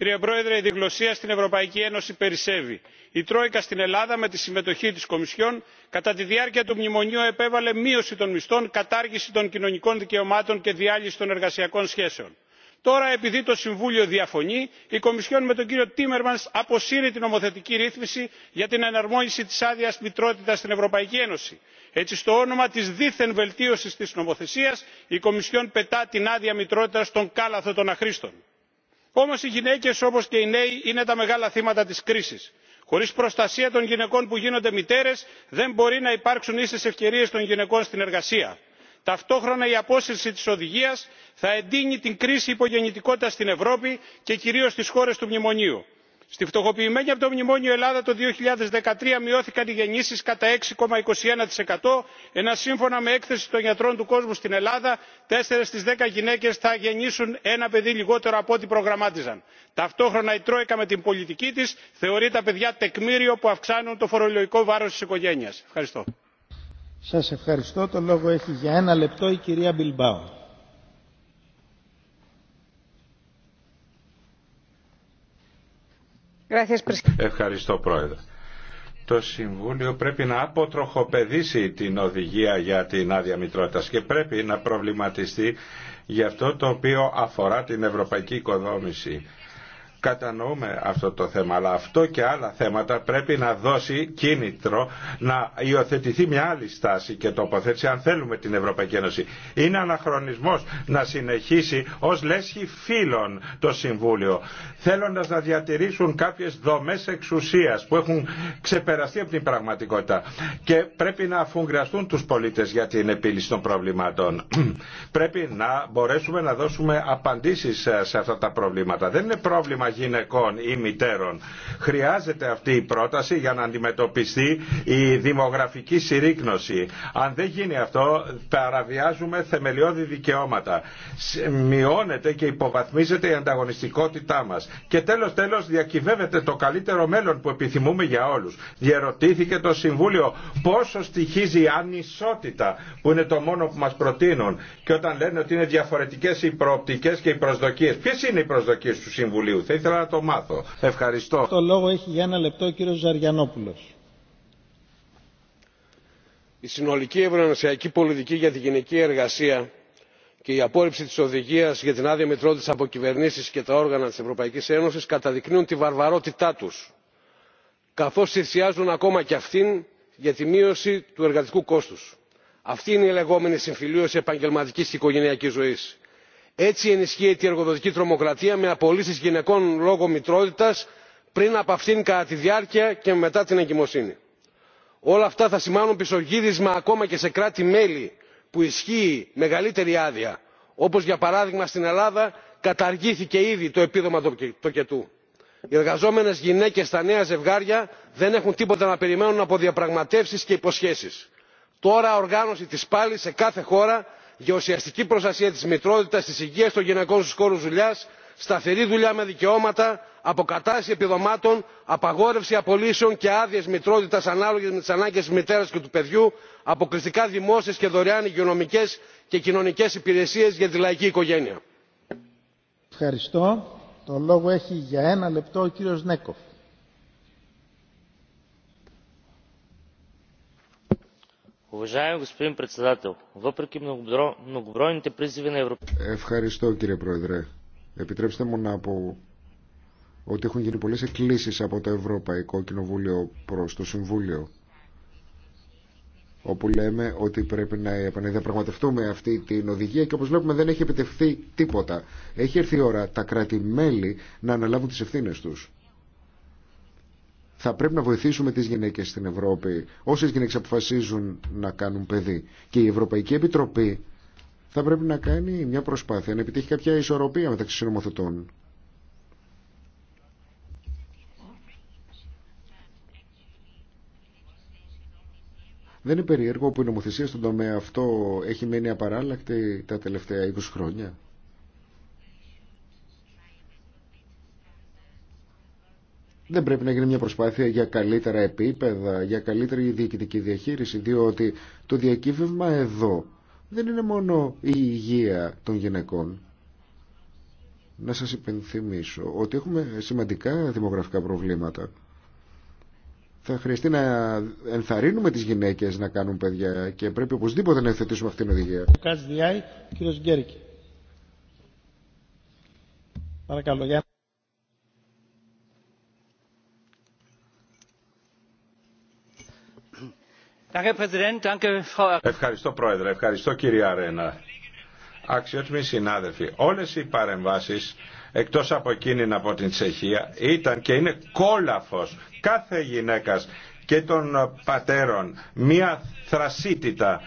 Κύριε Πρόεδρε, η διγλωσία στην Ευρωπαϊκή Ένωση περισσεύει. Η Τρόικα στην Ελλάδα με τη συμμετοχή της Κομισιόν κατά τη διάρκεια του μνημονίου επέβαλε μείωση των μισθών, κατάργηση των κοινωνικών δικαιωμάτων και διάλυση των εργασιακών σχέσεων. Τώρα επειδή το Συμβούλιο διαφωνεί, η Κομισιόν με τον κύριο Τίμερμανς αποσύρει την νομοθετική ρύθμιση για την εναρμόνιση της άδεια μητρότητας στην Ευρωπαϊκή Ένωση. Έτσι στο όνομα της δίθεν βελτίωσης της νομοθεσίας η Κομισιόν πετά την άδεια μητρότητα στον κάλαθο των αχρήστων όμως οι γυναίκες όπως και οι νέοι είναι τα μεγάλα θύματα της κρίσης. χωρίς προστασία των γυναικών που γίνονται μητέρες δεν μπορεί να υπάρξουν ίσες ευκαιρίες των γυναικών στην εργασία. ταυτόχρονα η απόσυρση της οδηγίας θα εντείνει την κρίση υπογεννητικότητας στην ευρώπη και κυρίως στις χώρες του μνημονίου στη φτωχοποιημένη από το μνημόνιο ελλάδα το 2013 μειώθηκαν οι γεννήσεις κατά 6,21%. είκοσι ένα ενώ σύμφωνα με έκθεση των γιατρών του κόσμου στην ελλάδα τέσσερι στις δέκα γυναίκες θα γεννήσουν ένα παιδί λιγότερο από ό,τι προγραμμάτιζαν. ταυτόχρονα η τρόικα με την πολιτική της θεωρεί τα παιδιά τεκμήριο που αυξάνουν το φορολογικό βάρος της οικογένειας. ευχαριστώ. ευχαριστώ. Το λόγο έχει για ένα λεπτό η κυρία Μπιλμπάου. Ευχαριστώ Πρόεδρε. Το Συμβούλιο πρέπει να αποτροχοπεδίσει την οδηγία για την άδεια μητρότητας και πρέπει να προβληματιστεί για αυτό το οποίο αφορά την ευρωπαϊκή οικοδόμηση Κατανοούμε αυτό το θέμα, αλλά αυτό και άλλα θέματα πρέπει να δώσει κίνητρο να υιοθετηθεί μια άλλη στάση και τοποθέτηση αν θέλουμε την Ευρωπαϊκή Ένωση. Είναι αναχρονισμός να συνεχίσει ως λέσχη φίλων το Συμβούλιο, θέλοντας να διατηρήσουν κάποιες δομές εξουσίας που έχουν ξεπεραστεί από την πραγματικότητα και πρέπει να αφουγκραστούν τους πολίτες για την επίλυση των προβλημάτων. πρέπει να μπορέσουμε να δώσουμε απαντήσεις σε αυτά τα προβλήματα. Δεν είναι πρόβλημα γυναικών ή μητέρων. Χρειάζεται αυτή η πρόταση για να αντιμετωπιστεί η δημογραφική συρρήκνωση. Αν δεν γίνει αυτό, παραβιάζουμε θεμελιώδη δικαιώματα. Μειώνεται και υποβαθμίζεται η ανταγωνιστικότητά μα. Και τέλο τέλο διακυβεύεται το καλύτερο μέλλον που επιθυμούμε για όλου. Διερωτήθηκε το Συμβούλιο πόσο στοιχίζει η ανισότητα που είναι το μόνο που μα προτείνουν. Και όταν λένε ότι είναι διαφορετικέ οι προοπτικέ και οι προσδοκίε. Ποιε είναι οι προσδοκίε του Συμβουλίου, ήθελα να το μάθω. Ευχαριστώ. Το λόγο έχει για ένα λεπτό ο κύριος Ζαριανόπουλος. Η συνολική ευρωνοσιακή πολιτική για τη γυναική εργασία και η απόρριψη της οδηγίας για την άδεια μητρότητας από κυβερνήσεις και τα όργανα της Ευρωπαϊκής Ένωσης καταδεικνύουν τη βαρβαρότητά τους, καθώς θυσιάζουν ακόμα και αυτήν για τη μείωση του εργατικού κόστους. Αυτή είναι η λεγόμενη συμφιλίωση επαγγελματικής και οικογενειακής ζωής έτσι ενισχύεται η εργοδοτική τρομοκρατία με απολύσεις γυναικών λόγω μητρότητας πριν από αυτήν κατά τη διάρκεια και μετά την εγκυμοσύνη. όλα αυτά θα σημάνουν πισωγύρισμα ακόμα και σε κράτη μέλη που ισχύει μεγαλύτερη άδεια όπως για παράδειγμα στην ελλάδα καταργήθηκε ήδη το επίδομα τοκετού. οι εργαζόμενες γυναίκες στα νέα ζευγάρια δεν έχουν τίποτα να περιμένουν από διαπραγματεύσεις και υποσχέσεις. τώρα οργάνωση της πάλης σε κάθε χώρα για ουσιαστική προστασία της μητρότητας της υγείας των γυναικών στους χώρους δουλειάς σταθερή δουλειά με δικαιώματα αποκατάσταση επιδομάτων απαγόρευση απολύσεων και άδειες μητρότητας ανάλογες με τις ανάγκες της μητέρας και του παιδιού αποκλειστικά δημόσιες και δωρεάν υγειονομικές και κοινωνικές υπηρεσίες για τη λαϊκή οικογένεια. Ευχαριστώ. Το λόγο έχει για ένα λεπτό ο κύριος Νέκοφ. Уважаеми господин председател, въпреки Ευχαριστώ κύριε Πρόεδρε. Επιτρέψτε μου να πω ότι έχουν γίνει πολλές εκκλήσεις από το Ευρωπαϊκό Κοινοβούλιο προς το Συμβούλιο όπου λέμε ότι πρέπει να επανεδιαπραγματευτούμε αυτή την οδηγία και όπως βλέπουμε δεν έχει επιτευχθεί τίποτα. Έχει έρθει η ώρα τα κράτη-μέλη να αναλάβουν τις ευθύνες τους θα πρέπει να βοηθήσουμε τις γυναίκες στην Ευρώπη, όσες γυναίκες αποφασίζουν να κάνουν παιδί. Και η Ευρωπαϊκή Επιτροπή θα πρέπει να κάνει μια προσπάθεια, να επιτύχει κάποια ισορροπία μεταξύ συνομοθετών. Δεν είναι περίεργο που η νομοθεσία στον τομέα αυτό έχει μείνει απαράλλακτη τα τελευταία 20 χρόνια. δεν πρέπει να γίνει μια προσπάθεια για καλύτερα επίπεδα, για καλύτερη διοικητική διαχείριση, διότι το διακύβευμα εδώ δεν είναι μόνο η υγεία των γυναικών. Να σας υπενθυμίσω ότι έχουμε σημαντικά δημογραφικά προβλήματα. Θα χρειαστεί να ενθαρρύνουμε τις γυναίκες να κάνουν παιδιά και πρέπει οπωσδήποτε να εθετήσουμε αυτήν την οδηγία. Παρακαλώ, Ευχαριστώ Πρόεδρε, ευχαριστώ κύριε Αρένα. Αξιότιμοι συνάδελφοι, όλες οι παρεμβάσεις εκτός από εκείνη από την Τσεχία ήταν και είναι κόλαφος κάθε γυναίκας και των πατέρων μια θρασίτητα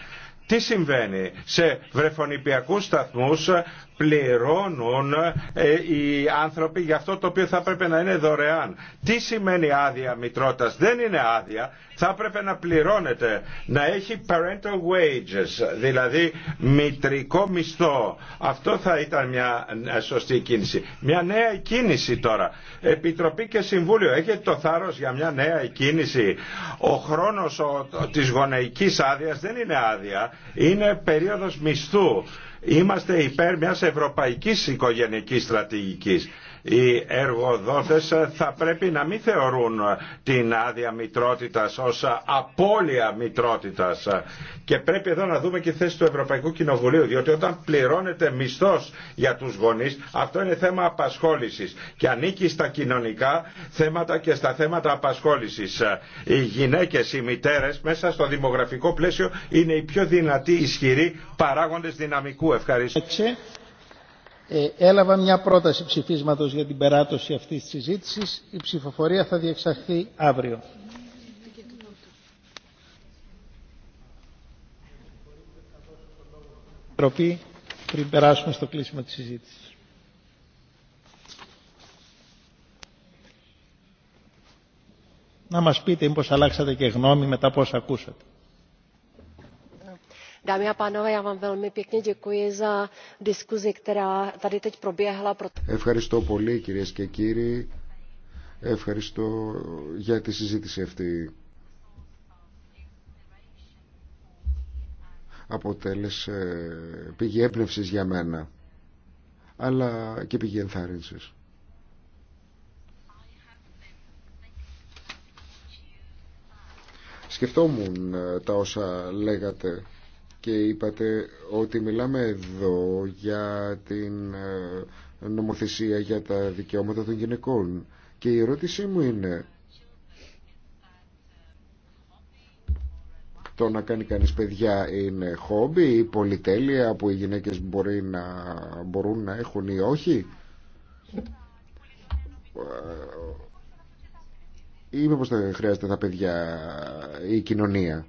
τι συμβαίνει σε βρεφονιπιακούς σταθμούς πληρώνουν ε, οι άνθρωποι για αυτό το οποίο θα πρέπει να είναι δωρεάν. Τι σημαίνει άδεια μητρότητας. Δεν είναι άδεια. Θα έπρεπε να πληρώνεται. Να έχει parental wages, δηλαδή μητρικό μισθό. Αυτό θα ήταν μια ε, σωστή κίνηση. Μια νέα κίνηση τώρα. Επιτροπή και Συμβούλιο. Έχετε το θάρρος για μια νέα κίνηση. Ο χρόνος της γονεϊκής άδειας δεν είναι άδεια. Είναι περίοδος μισθού. Είμαστε υπέρ μιας ευρωπαϊκής οικογενειακής στρατηγικής οι εργοδότες θα πρέπει να μην θεωρούν την άδεια μητρότητας ως απώλεια μητρότητας και πρέπει εδώ να δούμε και τη θέση του Ευρωπαϊκού Κοινοβουλίου διότι όταν πληρώνεται μισθός για τους γονείς αυτό είναι θέμα απασχόλησης και ανήκει στα κοινωνικά θέματα και στα θέματα απασχόλησης. Οι γυναίκες, οι μητέρες μέσα στο δημογραφικό πλαίσιο είναι οι πιο δυνατοί, ισχυροί παράγοντες δυναμικού. Ευχαριστώ. Ε, έλαβα μια πρόταση ψηφίσματος για την περάτωση αυτής της συζήτησης. Η ψηφοφορία θα διεξαχθεί αύριο. πριν περάσουμε στο κλείσιμο της συζήτησης. Να μας πείτε μήπως αλλάξατε και γνώμη μετά πώς ακούσατε. Ευχαριστώ πολύ κυρίες και κύριοι. Ευχαριστώ για τη συζήτηση αυτή. αποτέλεσε πηγή έμπνευση για μένα αλλά και πηγή ενθάρρυνση. Σκεφτόμουν ε, τα όσα λέγατε και είπατε ότι μιλάμε εδώ για την ε, νομοθεσία για τα δικαιώματα των γυναικών. Και η ερώτησή μου είναι το να κάνει κανείς παιδιά είναι χόμπι ή πολυτέλεια που οι γυναίκες μπορεί να, μπορούν να έχουν ή όχι. Ε, ή μήπως θα χρειάζεται τα παιδιά η κοινωνία.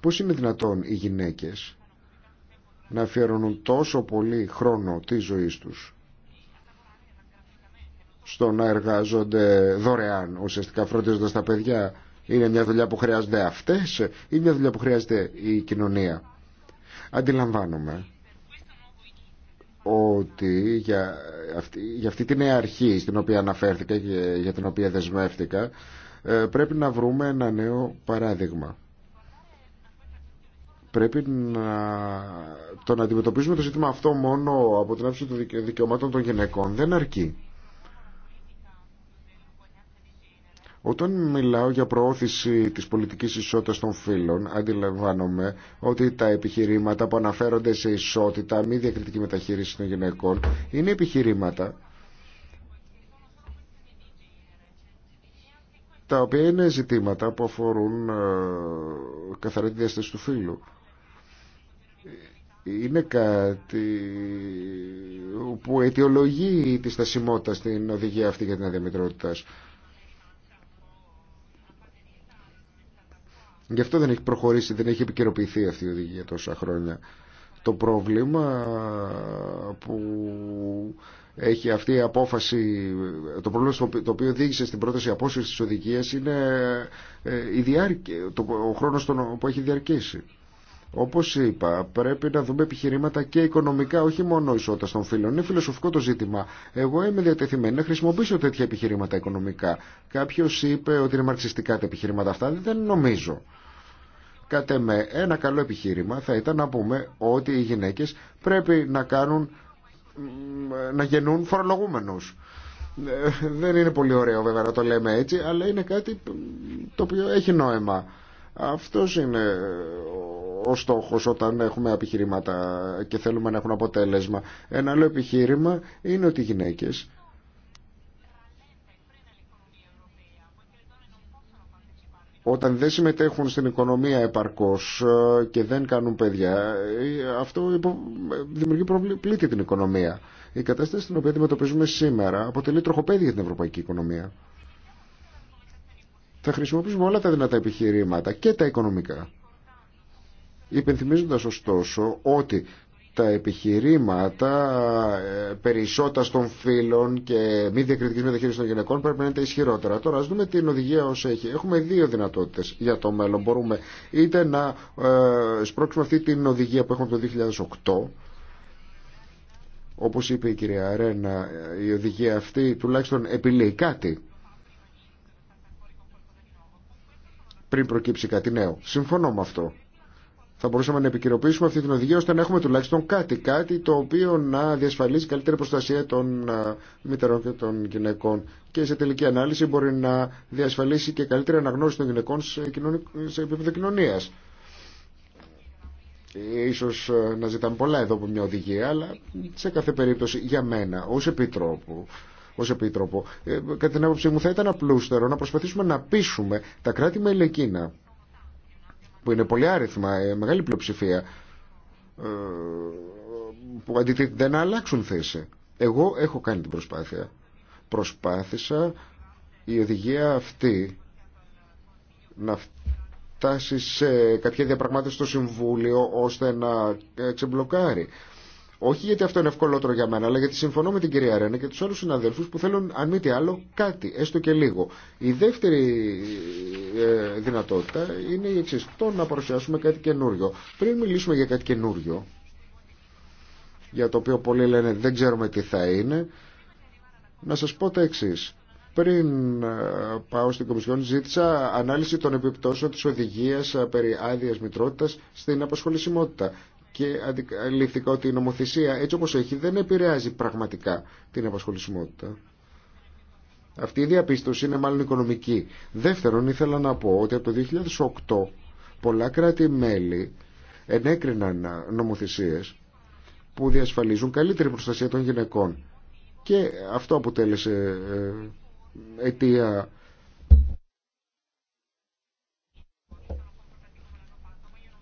Πώς είναι δυνατόν οι γυναίκες να αφιερώνουν τόσο πολύ χρόνο της ζωής τους στο να εργάζονται δωρεάν, ουσιαστικά φροντίζοντας τα παιδιά. Είναι μια δουλειά που χρειάζονται αυτές ή μια δουλειά που χρειάζεται η κοινωνία. Αντιλαμβάνομαι ότι για αυτή, για αυτή την αρχή στην οποία αναφέρθηκα και για την οποία δεσμεύτηκα ε, πρέπει να βρούμε ένα νέο παράδειγμα. Πρέπει να το να αντιμετωπίζουμε το ζήτημα αυτό μόνο από την άποψη των δικαιωμάτων των γυναικών. Δεν αρκεί. Όταν μιλάω για προώθηση της πολιτικής ισότητας των φύλων, αντιλαμβάνομαι ότι τα επιχειρήματα που αναφέρονται σε ισότητα, μη διακριτική μεταχείριση των γυναικών, είναι επιχειρήματα τα οποία είναι ζητήματα που αφορούν ε, καθαρά τη του φύλου είναι κάτι που αιτιολογεί τη στασιμότητα στην οδηγία αυτή για την αδιαμετρότητα. Γι' αυτό δεν έχει προχωρήσει, δεν έχει επικαιροποιηθεί αυτή η οδηγία τόσα χρόνια. Το πρόβλημα που έχει αυτή η απόφαση, το πρόβλημα το οποίο οδήγησε στην πρόταση απόσυρση της οδηγίας είναι ε, η διάρκεια, ο χρόνο που έχει διαρκήσει. Όπως είπα, πρέπει να δούμε επιχειρήματα και οικονομικά, όχι μόνο ισότητα των φίλων. Είναι φιλοσοφικό το ζήτημα. Εγώ είμαι διατεθειμένη να χρησιμοποιήσω τέτοια επιχειρήματα οικονομικά. Κάποιο είπε ότι είναι μαρξιστικά τα επιχειρήματα αυτά. Δεν νομίζω. Κατ' εμέ, ένα καλό επιχείρημα θα ήταν να πούμε ότι οι γυναίκες πρέπει να κάνουν να γεννούν φορολογούμενους. Ε, δεν είναι πολύ ωραίο βέβαια να το λέμε έτσι, αλλά είναι κάτι το οποίο έχει νόημα. Αυτός είναι ο στόχος όταν έχουμε επιχειρήματα και θέλουμε να έχουν αποτέλεσμα. Ένα άλλο επιχείρημα είναι ότι οι γυναίκες όταν δεν συμμετέχουν στην οικονομία επαρκώς και δεν κάνουν παιδιά, αυτό δημιουργεί πλήτη την οικονομία. Η κατάσταση στην οποία αντιμετωπίζουμε σήμερα αποτελεί τροχοπέδι για την ευρωπαϊκή οικονομία. Θα χρησιμοποιήσουμε όλα τα δυνατά επιχειρήματα και τα οικονομικά. Υπενθυμίζοντας ωστόσο ότι τα επιχειρήματα ε, περισσότερα των φύλων και μη διακριτική μεταχείριση των γυναικών πρέπει να είναι τα ισχυρότερα. Τώρα α δούμε την οδηγία ω έχει. Έχουμε δύο δυνατότητε για το μέλλον. Μπορούμε είτε να ε, σπρώξουμε αυτή την οδηγία που έχουμε το 2008 όπως είπε η κυρία Αρένα, ε, η οδηγία αυτή τουλάχιστον επιλέει κάτι πριν προκύψει κάτι νέο. Συμφωνώ με αυτό. Θα μπορούσαμε να επικυρωποιήσουμε αυτή την οδηγία ώστε να έχουμε τουλάχιστον κάτι, κάτι το οποίο να διασφαλίσει καλύτερη προστασία των μητερών και των γυναικών και σε τελική ανάλυση μπορεί να διασφαλίσει και καλύτερη αναγνώριση των γυναικών σε επίπεδο κοινωνία. Ίσως να ζητάμε πολλά εδώ από μια οδηγία, αλλά σε κάθε περίπτωση για μένα ως επιτρόπου ω Επίτροπο. Ε, κατά την άποψή μου θα ήταν απλούστερο να προσπαθήσουμε να πείσουμε τα κρατη με εκείνα, που είναι πολύ άριθμα, ε, μεγάλη πλειοψηφία, ε, που αντιτίθεται να αλλάξουν θέση. Εγώ έχω κάνει την προσπάθεια. Προσπάθησα η οδηγία αυτή να φτάσει σε κάποια διαπραγμάτευση στο Συμβούλιο ώστε να ξεμπλοκάρει. Όχι γιατί αυτό είναι ευκολότερο για μένα, αλλά γιατί συμφωνώ με την κυρία Ρένα και του άλλου συναδέλφου που θέλουν, αν μη τι άλλο, κάτι, έστω και λίγο. Η δεύτερη ε, δυνατότητα είναι η εξή. Το να παρουσιάσουμε κάτι καινούριο. Πριν μιλήσουμε για κάτι καινούριο, για το οποίο πολλοί λένε δεν ξέρουμε τι θα είναι, να σα πω τα εξή. Πριν ε, πάω στην Κομισιόν ζήτησα ανάλυση των επιπτώσεων τη οδηγία ε, περί άδεια μητρότητας στην απασχολησιμότητα και αντιληφθήκα ότι η νομοθεσία έτσι όπως έχει δεν επηρεάζει πραγματικά την απασχολησιμότητα. Αυτή η διαπίστωση είναι μάλλον οικονομική. Δεύτερον, ήθελα να πω ότι από το 2008 πολλά κράτη-μέλη ενέκριναν νομοθεσίες που διασφαλίζουν καλύτερη προστασία των γυναικών. Και αυτό αποτέλεσε ε, αιτία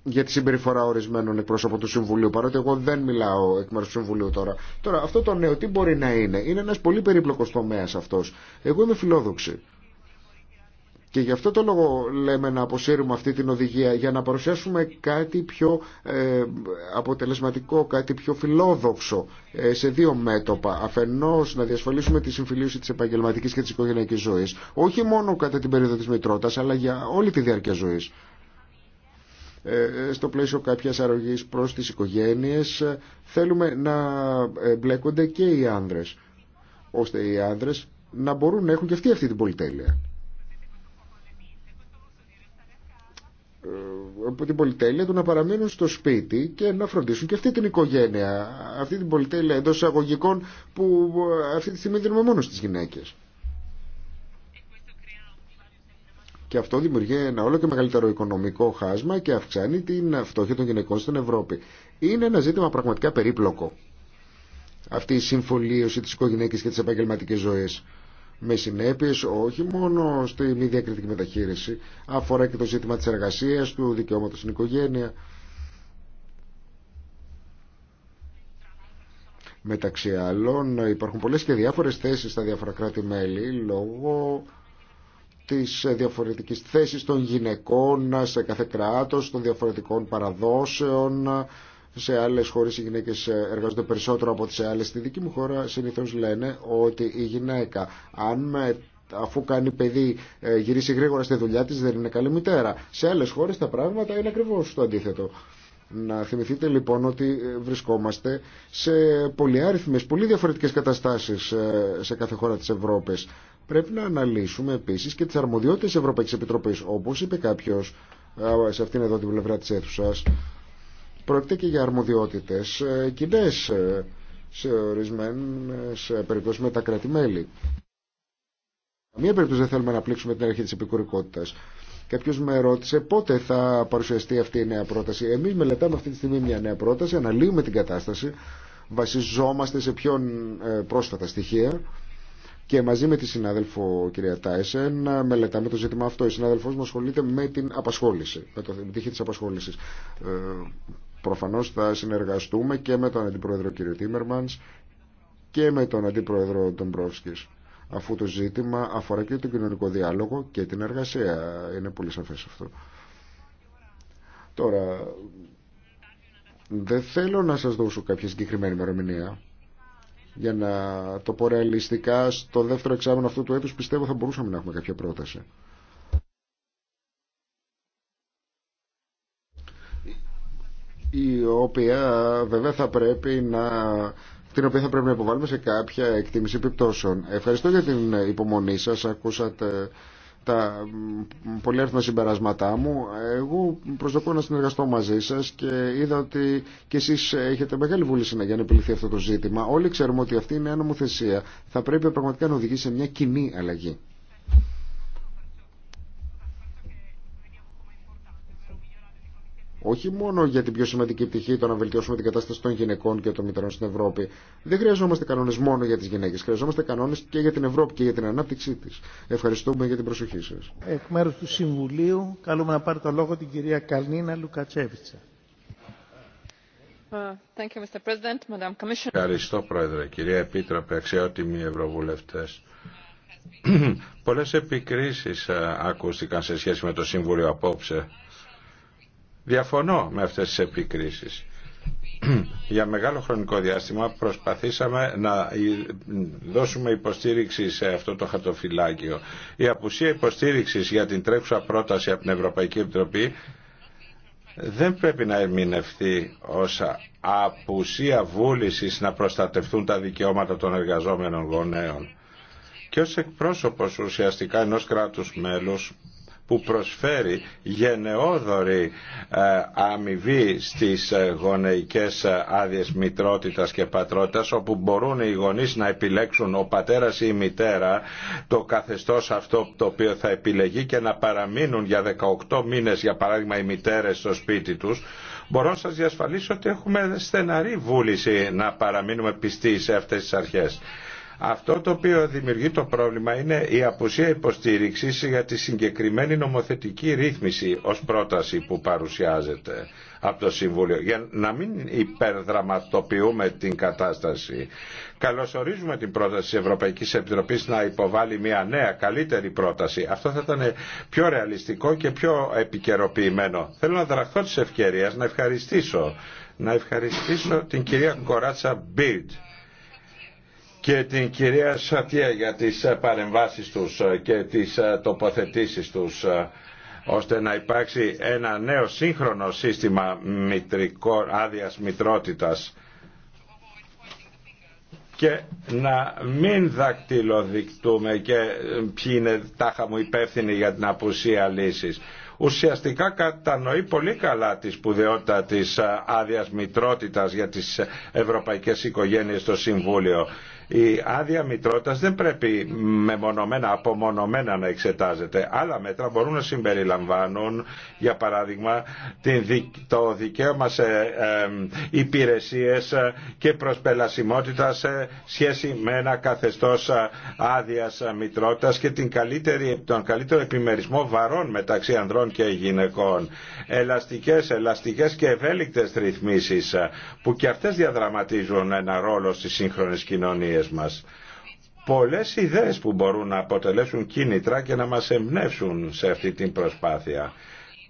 για τη συμπεριφορά ορισμένων εκπροσώπων του Συμβουλίου, παρότι εγώ δεν μιλάω εκ μέρου του Συμβουλίου τώρα. Τώρα, αυτό το νέο τι μπορεί να είναι. Είναι ένα πολύ περίπλοκο τομέα αυτό. Εγώ είμαι φιλόδοξη. Και γι' αυτό το λόγο λέμε να αποσύρουμε αυτή την οδηγία για να παρουσιάσουμε κάτι πιο ε, αποτελεσματικό, κάτι πιο φιλόδοξο ε, σε δύο μέτωπα. Αφενός να διασφαλίσουμε τη συμφιλίωση της επαγγελματικής και της οικογενειακής ζωής. Όχι μόνο κατά την περίοδο της μητρότητα, αλλά για όλη τη διάρκεια ζωής. Ε, στο πλαίσιο κάποιας αρρωγής προς τις οικογένειες ε, θέλουμε να μπλέκονται και οι άνδρες ώστε οι άνδρες να μπορούν να έχουν και αυτοί αυτή την πολυτέλεια. Ε, την πολυτέλεια του να παραμείνουν στο σπίτι και να φροντίσουν και αυτή την οικογένεια, αυτή την πολυτέλεια εντό εισαγωγικών που αυτή τη στιγμή δίνουμε μόνο στις γυναίκες. Και αυτό δημιουργεί ένα όλο και μεγαλύτερο οικονομικό χάσμα και αυξάνει την φτώχεια των γυναικών στην Ευρώπη. Είναι ένα ζήτημα πραγματικά περίπλοκο. Αυτή η συμφωλίωση τη οικογενειακή και τη επαγγελματική ζωή με συνέπειε όχι μόνο στη μη διακριτική μεταχείριση, αφορά και το ζήτημα τη εργασία, του δικαιώματο στην οικογένεια. Μεταξύ άλλων υπάρχουν πολλέ και διάφορε θέσει στα διάφορα κράτη-μέλη λόγω της διαφορετικής θέσης των γυναικών σε κάθε κράτος, των διαφορετικών παραδόσεων. Σε άλλες χώρες οι γυναίκες εργάζονται περισσότερο από τις άλλες. Στη δική μου χώρα συνήθως λένε ότι η γυναίκα αν αφού κάνει παιδί ε, γυρίσει γρήγορα στη δουλειά της δεν είναι καλή μητέρα. Σε άλλες χώρες τα πράγματα είναι ακριβώς το αντίθετο. Να θυμηθείτε λοιπόν ότι ε, βρισκόμαστε σε πολυάριθμες, πολύ διαφορετικές καταστάσεις ε, σε κάθε χώρα της Ευρώπης. Πρέπει να αναλύσουμε επίσης και τις αρμοδιότητες της Ευρωπαϊκής Επιτροπής. Όπως είπε κάποιος σε αυτήν εδώ την πλευρά της αίθουσας, πρόκειται και για αρμοδιότητες ε, κοινέ ε, σε ορισμένες ε, περιπτώσεις με τα κράτη-μέλη. Μία περίπτωση δεν θέλουμε να πλήξουμε την αρχή της επικουρικότητας. Κάποιο με ρώτησε πότε θα παρουσιαστεί αυτή η νέα πρόταση. Εμεί μελετάμε αυτή τη στιγμή μια νέα πρόταση, αναλύουμε την κατάσταση, Εμείς μελεταμε αυτη τη στιγμη μια νεα προταση αναλυουμε την κατασταση βασιζομαστε σε πιο πρόσφατα στοιχεία και μαζί με τη συνάδελφο κυρία Τάισεν μελετάμε το ζήτημα αυτό. Η συνάδελφός μου ασχολείται με την απασχόληση, με το τύχη της απασχόλησης. Ε, προφανώς θα συνεργαστούμε και με τον Αντιπρόεδρο κύριο Τίμερμανς και με τον Αντιπρόεδρο Ντομπρόφσκης αφού το ζήτημα αφορά και τον κοινωνικό διάλογο και την εργασία. Είναι πολύ σαφές αυτό. Τώρα, δεν θέλω να σας δώσω κάποια συγκεκριμένη ημερομηνία για να το πω ρεαλιστικά, στο δεύτερο εξάμεινο αυτού του έτους πιστεύω θα μπορούσαμε να έχουμε κάποια πρόταση. η οποία βέβαια θα πρέπει να την οποία θα πρέπει να υποβάλουμε σε κάποια εκτίμηση επιπτώσεων. Ευχαριστώ για την υπομονή σας. Ακούσατε τα πολυάριθμα συμπεράσματά μου. Εγώ προσδοκώ να συνεργαστώ μαζί σα και είδα ότι και εσεί έχετε μεγάλη βούληση για να επιληθεί αυτό το ζήτημα. Όλοι ξέρουμε ότι αυτή είναι η νομοθεσία. Θα πρέπει πραγματικά να οδηγήσει σε μια κοινή αλλαγή. όχι μόνο για την πιο σημαντική πτυχή το να βελτιώσουμε την κατάσταση των γυναικών και των μητέρων στην Ευρώπη. Δεν χρειαζόμαστε κανόνε μόνο για τι γυναίκε. Χρειαζόμαστε κανόνε και για την Ευρώπη και για την ανάπτυξή τη. Ευχαριστούμε για την προσοχή σα. Εκ μέρου του Συμβουλίου, καλούμε να πάρει το λόγο την κυρία Καλνίνα Λουκατσέβιτσα. Uh, Ευχαριστώ, Πρόεδρε. Κυρία Επίτροπε, αξιότιμοι Ευρωβουλευτέ. Πολλέ επικρίσει ε, ακούστηκαν σε σχέση με το Συμβούλιο απόψε Διαφωνώ με αυτές τις επικρίσεις. Για μεγάλο χρονικό διάστημα προσπαθήσαμε να δώσουμε υποστήριξη σε αυτό το χαρτοφυλάκιο. Η απουσία υποστήριξης για την τρέχουσα πρόταση από την Ευρωπαϊκή Επιτροπή δεν πρέπει να ερμηνευτεί ως απουσία βούλησης να προστατευτούν τα δικαιώματα των εργαζόμενων γονέων. Και ως εκπρόσωπος ουσιαστικά ενός κράτους μέλους που προσφέρει γενναιόδορη ε, αμοιβή στις ε, γονεϊκές ε, άδειες μητρότητας και πατρότητας όπου μπορούν οι γονείς να επιλέξουν ο πατέρας ή η μητέρα το καθεστώς αυτό το οποίο θα επιλεγεί και να παραμείνουν για 18 μήνες για παράδειγμα οι μητέρες στο σπίτι τους Μπορώ να σας διασφαλίσω ότι έχουμε στεναρή βούληση να παραμείνουμε πιστοί σε αυτές τις αρχές. Αυτό το οποίο δημιουργεί το πρόβλημα είναι η απουσία υποστήριξης για τη συγκεκριμένη νομοθετική ρύθμιση ως πρόταση που παρουσιάζεται από το Συμβούλιο για να μην υπερδραματοποιούμε την κατάσταση. Καλωσορίζουμε την πρόταση της Ευρωπαϊκής Επιτροπής να υποβάλει μια νέα καλύτερη πρόταση. Αυτό θα ήταν πιο ρεαλιστικό και πιο επικαιροποιημένο. Θέλω να δραχθώ της ευκαιρίας να ευχαριστήσω να ευχαριστήσω την κυρία Κοράτσα Μπίρτ και την κυρία Σατία για τις ε, παρεμβάσεις τους ε, και τις ε, τοποθετήσεις τους ώστε να υπάρξει ένα νέο σύγχρονο σύστημα μητρικό, άδειας μητρότητας και να μην δακτυλοδεικτούμε και ποιοι είναι τάχα μου υπεύθυνοι για την απουσία λύσης. Ουσιαστικά κατανοεί πολύ καλά τη σπουδαιότητα της άδειας μητρότητας για τις ευρωπαϊκές οικογένειες στο Συμβούλιο η άδεια μητρότητα δεν πρέπει μεμονωμένα, απομονωμένα να εξετάζεται. Άλλα μέτρα μπορούν να συμπεριλαμβάνουν, για παράδειγμα, το δικαίωμα σε υπηρεσίες και προσπελασιμότητα σε σχέση με ένα καθεστώ άδεια μητρότητα και την καλύτερη, τον καλύτερο επιμερισμό βαρών μεταξύ ανδρών και γυναικών. Ελαστικές, ελαστικές και ευέλικτες ρυθμίσεις που και αυτές διαδραματίζουν ένα ρόλο στι σύγχρονε κοινωνίε. Πολλέ μας. Πολλές ιδέες που μπορούν να αποτελέσουν κίνητρα και να μας εμπνεύσουν σε αυτή την προσπάθεια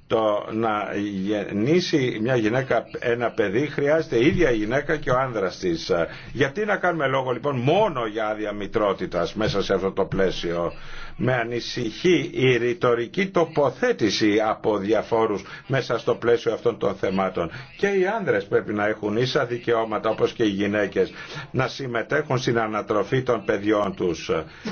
το να γεννήσει μια γυναίκα ένα παιδί χρειάζεται η ίδια η γυναίκα και ο άνδρας της. Γιατί να κάνουμε λόγο λοιπόν μόνο για άδεια μητρότητας μέσα σε αυτό το πλαίσιο. Με ανησυχεί η ρητορική τοποθέτηση από διαφόρους μέσα στο πλαίσιο αυτών των θεμάτων. Και οι άνδρες πρέπει να έχουν ίσα δικαιώματα όπως και οι γυναίκες να συμμετέχουν στην ανατροφή των παιδιών τους.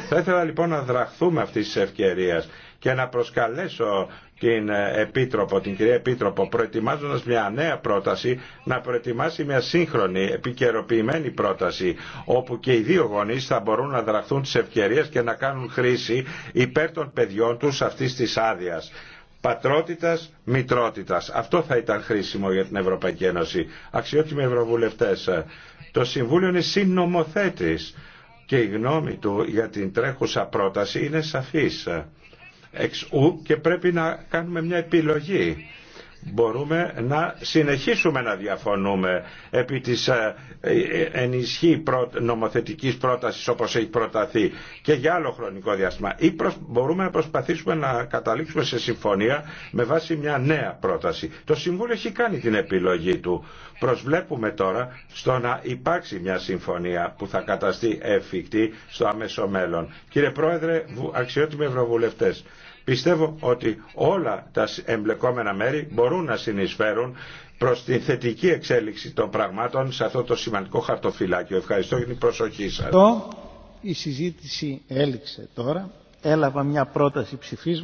Θα ήθελα λοιπόν να δραχθούμε αυτής της ευκαιρίας και να προσκαλέσω την ε, Επίτροπο, την κυρία Επίτροπο, προετοιμάζοντας μια νέα πρόταση, να προετοιμάσει μια σύγχρονη, επικαιροποιημένη πρόταση, όπου και οι δύο γονείς θα μπορούν να δραχθούν τις ευκαιρίες και να κάνουν χρήση υπέρ των παιδιών τους αυτή της άδεια. Πατρότητας, μητρότητας. Αυτό θα ήταν χρήσιμο για την Ευρωπαϊκή Ένωση. Αξιότιμοι Ευρωβουλευτές, το Συμβούλιο είναι συνομοθέτης και η γνώμη του για την τρέχουσα πρόταση είναι σαφής εξ ου και πρέπει να κάνουμε μια επιλογή. Μπορούμε να συνεχίσουμε να διαφωνούμε επί της ε, ε, ενισχύ νομοθετικής πρότασης όπως έχει προταθεί και για άλλο χρονικό διάστημα ή μπορούμε να προσπαθήσουμε να καταλήξουμε σε συμφωνία με βάση μια νέα πρόταση. Το Συμβούλιο έχει κάνει την επιλογή του. Προσβλέπουμε τώρα στο να υπάρξει μια συμφωνία που θα καταστεί εφικτή στο άμεσο μέλλον. Κύριε Πρόεδρε, αξιότιμοι Ευρωβουλευτές, Πιστεύω ότι όλα τα εμπλεκόμενα μέρη μπορούν να συνεισφέρουν προς την θετική εξέλιξη των πραγμάτων σε αυτό το σημαντικό χαρτοφυλάκιο. Ευχαριστώ για την προσοχή σας. Η συζήτηση έληξε τώρα. Έλαβα μια πρόταση ψηφίσματος.